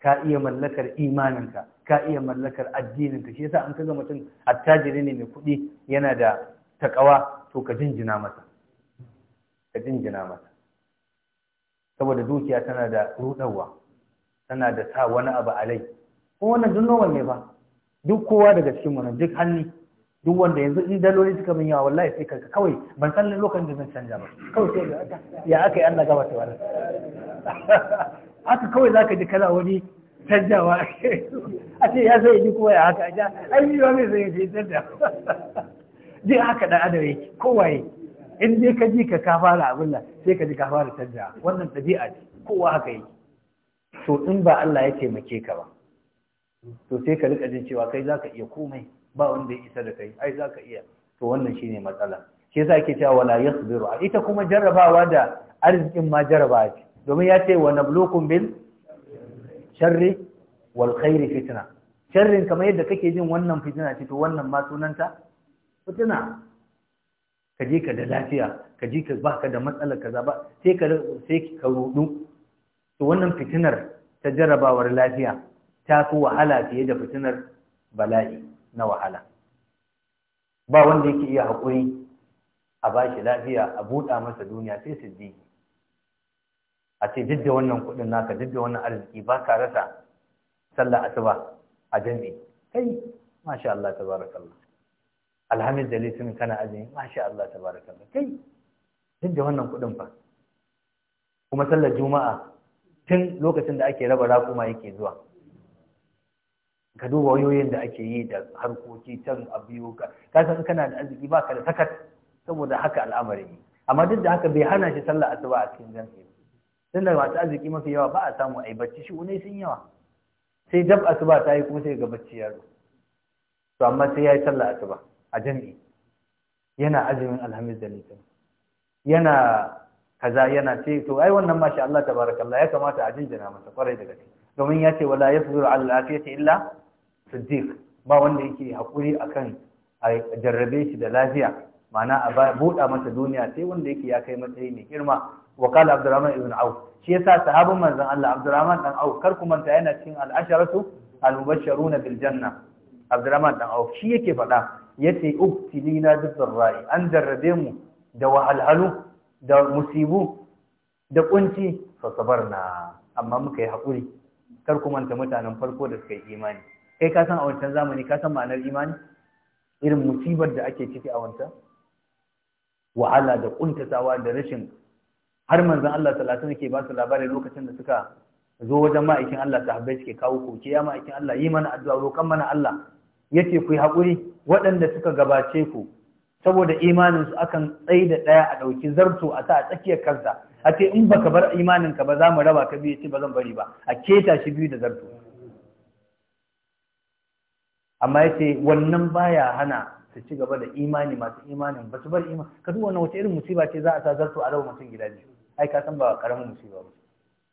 ka iya mallakar imaninka ka iya mallakar addininka shi yasa an kaga mutum attajiri ne mai kuɗi yana da takawa to ka jinjina masa ka jinjina masa saboda dukiya tana da rudarwa tana da sa wani abu a ko wannan duk normal ne ba duk kowa daga cikin mu duk hannu duk wanda yanzu in daloli suka min yawa wallahi sai kanka kawai ban san lokacin da zan canja ba kawai sai ya aka yi Allah gaba ta wani haka kawai za ka ji kana wani canjawa a ce ya sai yi kuma ya haka a ja ai yi wani sai ya ce canja ji haka da adam yake kowa yake in dai ka ji ka ka fara abin nan sai ka ji ka fara canja wannan ɗabi'a ce kowa haka yake to in ba Allah ya taimake ka ba to sai ka rika jin cewa kai zaka iya komai ba wanda ya isa da kai ai zaka iya to wannan shine matsala shi yasa ake cewa wala yasbiru ita kuma jarrabawa da arzikin ma jarrabawa ce domin ya ce wa blokun bil sharri wal khairi fitna sharrin kamar yadda kake jin wannan fitina ce to wannan ma sunanta fitina ka je ka da lafiya ka je ka baka da matsalar kaza ba sai ka sai rudu to wannan fitinar ta jarabawar lafiya ta fi wahala fiye da fitinar bala'i na wahala ba wanda yake iya haƙuri a bashi lafiya a buɗa masa duniya sai siddiqi a ce duk da wannan kuɗin naka duk da wannan arziki ba ka rasa sallah asuba a jami'i kai masha Allah tabarakallah alhamis da litinin kana azumi masha Allah tabarakallah kai duk da wannan kuɗin fa kuma sallar juma'a tun lokacin da ake raba raƙuma yake zuwa ka duba wayoyin da ake yi da harkoki can a biyu ka san kana da arziki ba ka da sakat saboda haka al'amari amma duk da haka bai hana shi sallar asuba a cikin jami'i tun da masu arziki mafi yawa ba a samu a yi bacci shi unai sun yawa sai dab asuba ta yi kuma sai ga bacci ya zo to amma sai ya yi sallah asuba a jami'i yana azumin alhamis da nisan. yana kaza yana ce to ai wannan mashi Allah tabarakallah ya kamata a jinjina masa kwarai da gaske domin ya ce wala yafzuru ala lafiyati illa siddiq ba wanda yake hakuri akan a jarrabe shi da lafiya ma'ana a buɗa mata duniya sai wanda yake ya kai matsayi mai girma wa kala abdurrahman ibn auf shi yasa sahabban manzon Allah abdurrahman dan auf kar ku manta yana cikin al-asharatu al-mubashsharuna bil janna abdurrahman dan auf shi yake faɗa yace ubtilina bizarra'i an jarrabe mu da wahalhalu da musibu da kunci fa sabarna amma muka yi hakuri kar ku manta mutanen farko da suka yi imani kai ka san a wancan zamani ka san ma'anar imani irin musibar da ake ciki a wancan wahala da kuntatawa da rashin har manzon Allah sallallahu alaihi ke ba su labari lokacin da suka zo wajen ma'aikin Allah sahabbai suke kawo koke ya ma'aikin Allah yi mana addu'a roƙan mana Allah yace ku yi hakuri. waɗanda suka gabace ku saboda imanin su akan tsayi da ɗaya a ɗauki zarto a sa a tsakiyar kansa a ce in baka bar imanin ka ba za mu raba ka biyu ce ba zan bari ba a keta shi biyu da zarto amma yace wannan baya hana su ci gaba da imani masu imanin ba su bar imani ka duk wannan wace irin musiba ce za a sa zartu a rawa mutum gida biyu ai ka san ba karamin musiba ba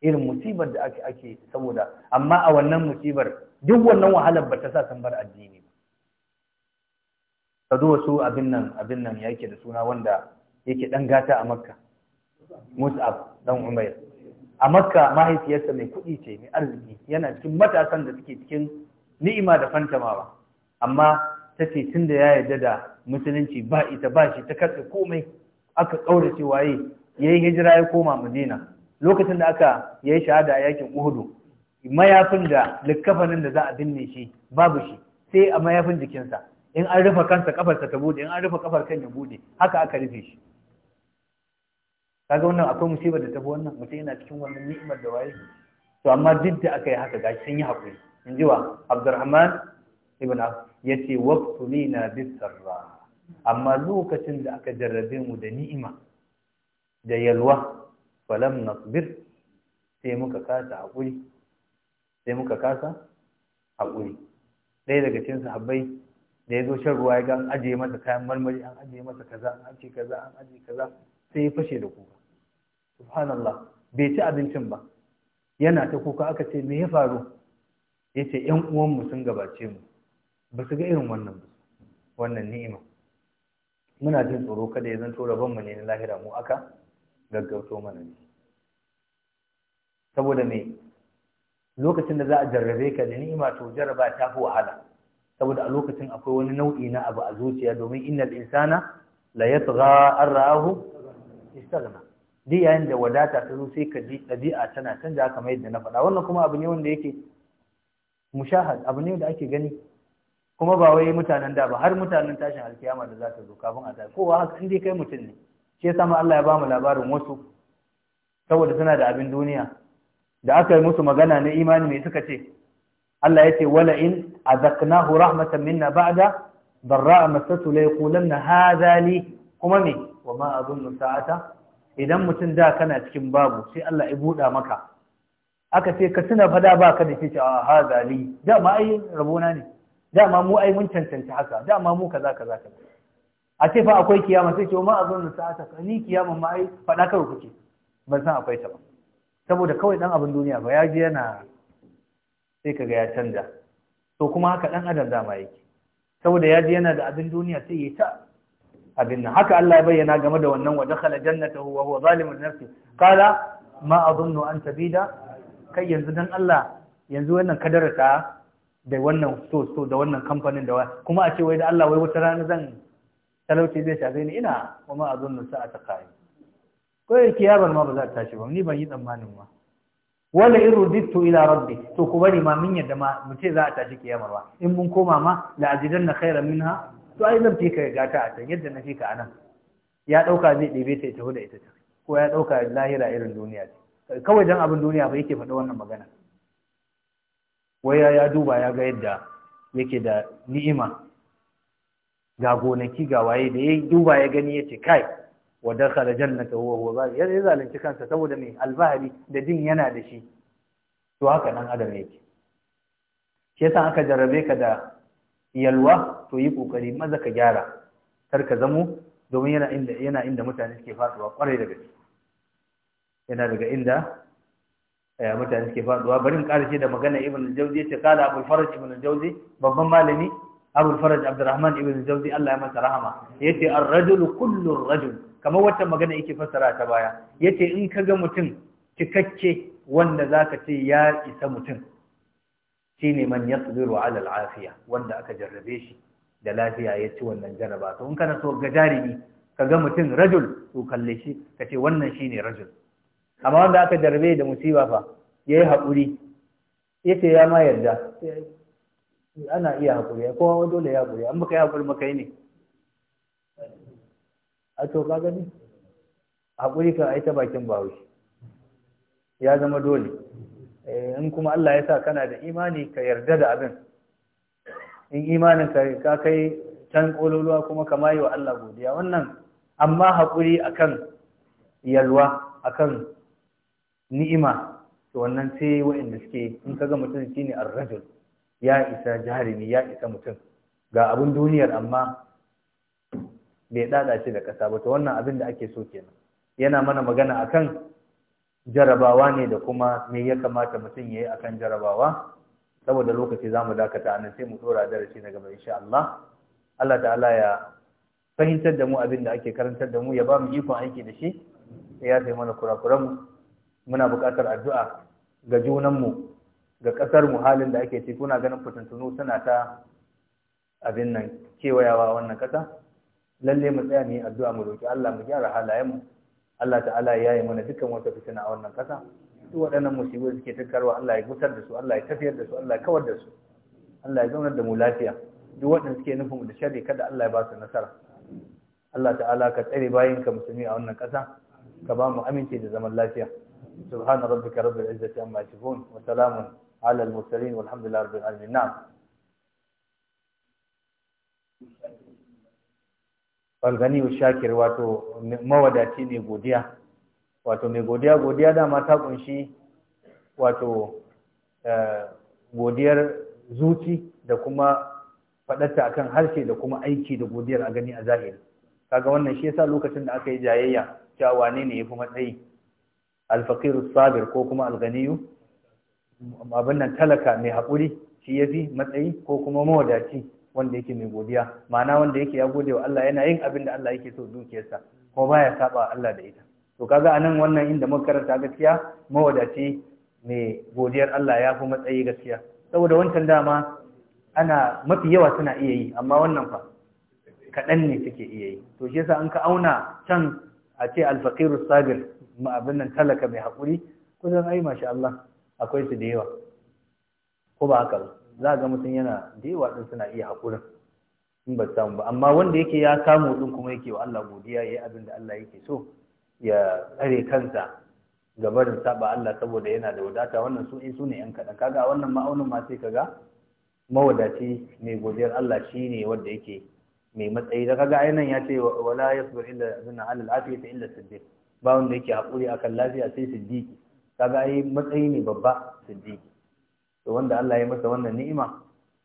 irin musibar da ake ake saboda amma a wannan musibar duk wannan wahalar ba ta sa sun bar addini ba ka duk wasu abin nan abin nan yake da suna wanda yake dan gata a makka mus'ab dan umair a makka mahaifiyarsa mai kuɗi ce mai arziki yana cikin matasan da suke cikin ni'ima da fantamawa amma ta ce tun da ya yarda da musulunci ba ita ba shi ta karɓe komai aka ce waye ya yi hijira ya koma madina lokacin da aka ya yi shahada a yakin uhudu mayafin da likkafanin da za a binne shi babu shi sai a mayafin jikinsa in an rufe kansa kafarsa ta bude in an rufe kafar kan ya bude haka aka rufe shi kaga wannan akwai musibar da ta wannan mutum yana cikin wannan ni'imar da waye to amma duk da aka yi haka gashi sun yi haƙuri in ji wa abdurrahman ibn auf yace na bisarra amma lokacin da aka jarrabe mu da ni'ima da yalwa falam nasbir sai muka kasa haƙuri sai muka kasa haƙuri ɗaya daga cikin sahabbai da ya zo shan ruwa ya ga an ajiye masa kayan marmari an ajiye masa kaza an ajiye kaza an ajiye kaza sai ya fashe da kuka subhanallah bai ci abincin ba yana ta kuka aka ce me ya faru ya ce ‘yan uwanmu sun gabace mu ba su ga irin wannan wannan ni'ima muna jin tsoro kada ya zanto rabon mu ne na lahira mu aka gaggauto mana ne saboda me lokacin da za a jarrabe ka da ni'ima to jarraba ta fi wahala saboda a lokacin akwai wani nau'i na abu a zuciya domin innal insana la yatgha an ra'ahu istaghna di yayin da wadata ta zo sai ka ji dabi'a tana canja kamar yadda na faɗa wannan kuma abu ne wanda yake mushahad abu ne da ake gani kuma ba wai mutanen da ba har mutanen tashin alkiyama da za ta zo kafin a tafi kowa haka indai kai mutum ne shi yasa ma Allah ya ba mu labarin wasu saboda suna da abin duniya da aka yi musu magana na imani mai suka ce Allah ya ce wala in azaknahu rahmatan minna ba'da barra'a masatu la yaqulanna hadha li kuma me wa ma azunnu sa'ata idan mutum da kana cikin babu sai Allah ya buɗa maka aka ce ka tuna fada baka da shi ce a hadha li da ma ai rabona ne dama mu ai mun cancanci haka dama mu kaza kaza a ce fa akwai kiyama sai ce ma a zon sa'ata ka ni kiyama ma ai fada kawai kuke ban san akwai ta ba saboda kawai dan abin duniya ba ya ji yana sai kaga ya canja to kuma haka dan adam dama yake saboda ya ji yana da abin duniya sai yayi ta abin nan haka Allah ya bayyana game da wannan wa dakhala jannatahu wa huwa zalimun nafsi qala ma azunnu an tabida kai yanzu dan Allah yanzu wannan kadara ta da wannan so so da wannan kamfanin da kuma a ce wai da Allah wai wata rana zan talauci zai shafe ni ina kuma a zunnu sa'a ta kai ko yake yaron ma ba za ta tashi ba ni ban yi tsammanin ma wala irin ila rabbi to ku bari ma min yadda ma mu ce za a tashi kiyamar ba in mun koma ma la ajidanna khairan minha to ai zan fika gata a can yadda na fika anan ya dauka zai ɗebe ta ita da ita ko ya ɗauka lahira irin duniya ce kawai dan abin duniya ba yake faɗa wannan magana waya ya duba ya ga yadda yake da ni'ima ga gonaki ga waye da ya duba ya gani ya ce kai wa dakhala jannata huwa huwa ba ya zalunci kansa saboda mai alfahari da din yana da shi to haka nan adam yake shi yasa aka jarrabe ka da yalwa to yi kokari maza ka gyara kar ka zamo domin yana inda yana mutane suke fasuwa kwarai da gaske yana daga inda Eh, mutane suke faduwa bari barin karshe da magana ibn al-jawzi ce kala abul faraj ibn al-jawzi babban malami abul faraj abdurrahman ibn al-jawzi Allah ya masa rahama yace ar rajul kullu ar-rajul kamar wata magana yake fassara ta baya yace in kaga mutum cikakke wanda zaka ce ya isa mutum shine man yasbiru ala al-afiya wanda aka jarrabe shi da lafiya ya ci wannan jaraba to in kana so ga jarimi kaga mutum rajul to kalle shi kace wannan shine rajul amma wanda aka jarbe da musiba fa ya yi haƙuri Ya ce ya ma yarda ana iya haƙuri kowa dole ya haƙuri an baka yi haƙuri maka yi ne a to ka gani haƙuri kan aita bakin bahaushe ya zama dole eh, in kuma Allah ya sa kana da imani ka yarda da abin in imanin ka kai can ƙololuwa kuma ka mayi Allah godiya wannan amma haƙuri akan yalwa akan ni'ima to wannan sai waɗanda suke in kaga mutum shine ar-rajul ya isa jarimi ya isa mutum ga abin duniyar amma bai dada shi da kasa ba to wannan abin da ake so kenan yana mana magana akan jarabawa ne da kuma me ya kamata mutum yayi akan jarabawa saboda lokaci zamu dakata anan sai mu dora darasi na gaba insha Allah Allah ta'ala ya fahimtar da mu abin da ake karantar da mu ya ba mu ikon aiki da shi ya taimaka mana kurakuran mu muna buƙatar addu'a ga junanmu ga ƙasar mu halin da ake ciki kuna ganin fitintunu suna ta abin nan kewayawa wannan ƙasa lalle mu tsaya mu yi addu'a mu roki Allah mu gyara halayenmu Allah ta'ala ya yi mana dukkan wata fitina a wannan ƙasa duk waɗannan musibai suke tattarwa Allah ya gusar da su Allah ya tafiyar da su Allah ya kawar da su Allah ya zaunar da mu lafiya duk waɗanda suke nufin da sharri kada Allah ya ba su nasara Allah ta'ala ka tsare bayinka musulmi a wannan ƙasa ka ba mu aminci da zaman lafiya سبحان ربك رب العزة أما يصفون وسلام على المرسلين والحمد لله رب العالمين نعم ne godiya wato قوديا dama ta kunshi wato godiyar zuci da kuma faɗarta akan harshe da kuma aiki da godiyar a gani a zahiri kaga wannan shi yasa lokacin da aka yi jayayya cewa wane ne fi matsayi alfaqiru sabir ko kuma alganiyu abin nan talaka mai haƙuri shi yafi matsayi ko kuma mawadaci wanda yake mai godiya ma'ana wanda yake ya gode wa Allah yana yin abin da Allah yake so dukiyarsa ko baya saba Allah da ita to kaga anan wannan inda muka karanta gaskiya mawadaci mai godiyar Allah ya fi matsayi gaskiya saboda wancan dama ana mafi yawa suna iya yi amma wannan fa kaɗan ne suke iya yi to shi yasa an ka auna can a ce alfaqiru sabir abin nan talaka mai haƙuri kusan ai masha Allah akwai su da yawa ko ba haka ba za ga mutum yana da yawa din suna iya haƙurin in ba samu ba amma wanda yake ya samu din kuma yake wa Allah godiya yayi abin da Allah yake so ya tsare kansa ga barin saba Allah saboda yana da wadata wannan su in eh, su ne yan kaɗan kaga wannan ma'aunin ma sai kaga mawadaci mai godiyar Allah shine wanda yake mai matsayi da kaga ainihin ya ce wala yasbir illa zina alal afiyata illa siddiq ba wanda yake haƙuri kan lafiya sai siddiqi kaga ai matsayi ne babba siddiƙi to wanda Allah ya masa wannan ni'ima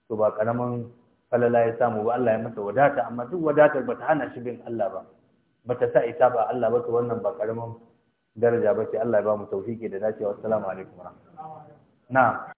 to ba karaman falala ya samu ba Allah ya masa wadata amma duk wadatar ba ta hana shi bin Allah ba Ba ta sa ita ba Allah ba to wannan ba karaman daraja ba sai Allah ya ba mu tawfiki da dacewa assalamu alaikum na'am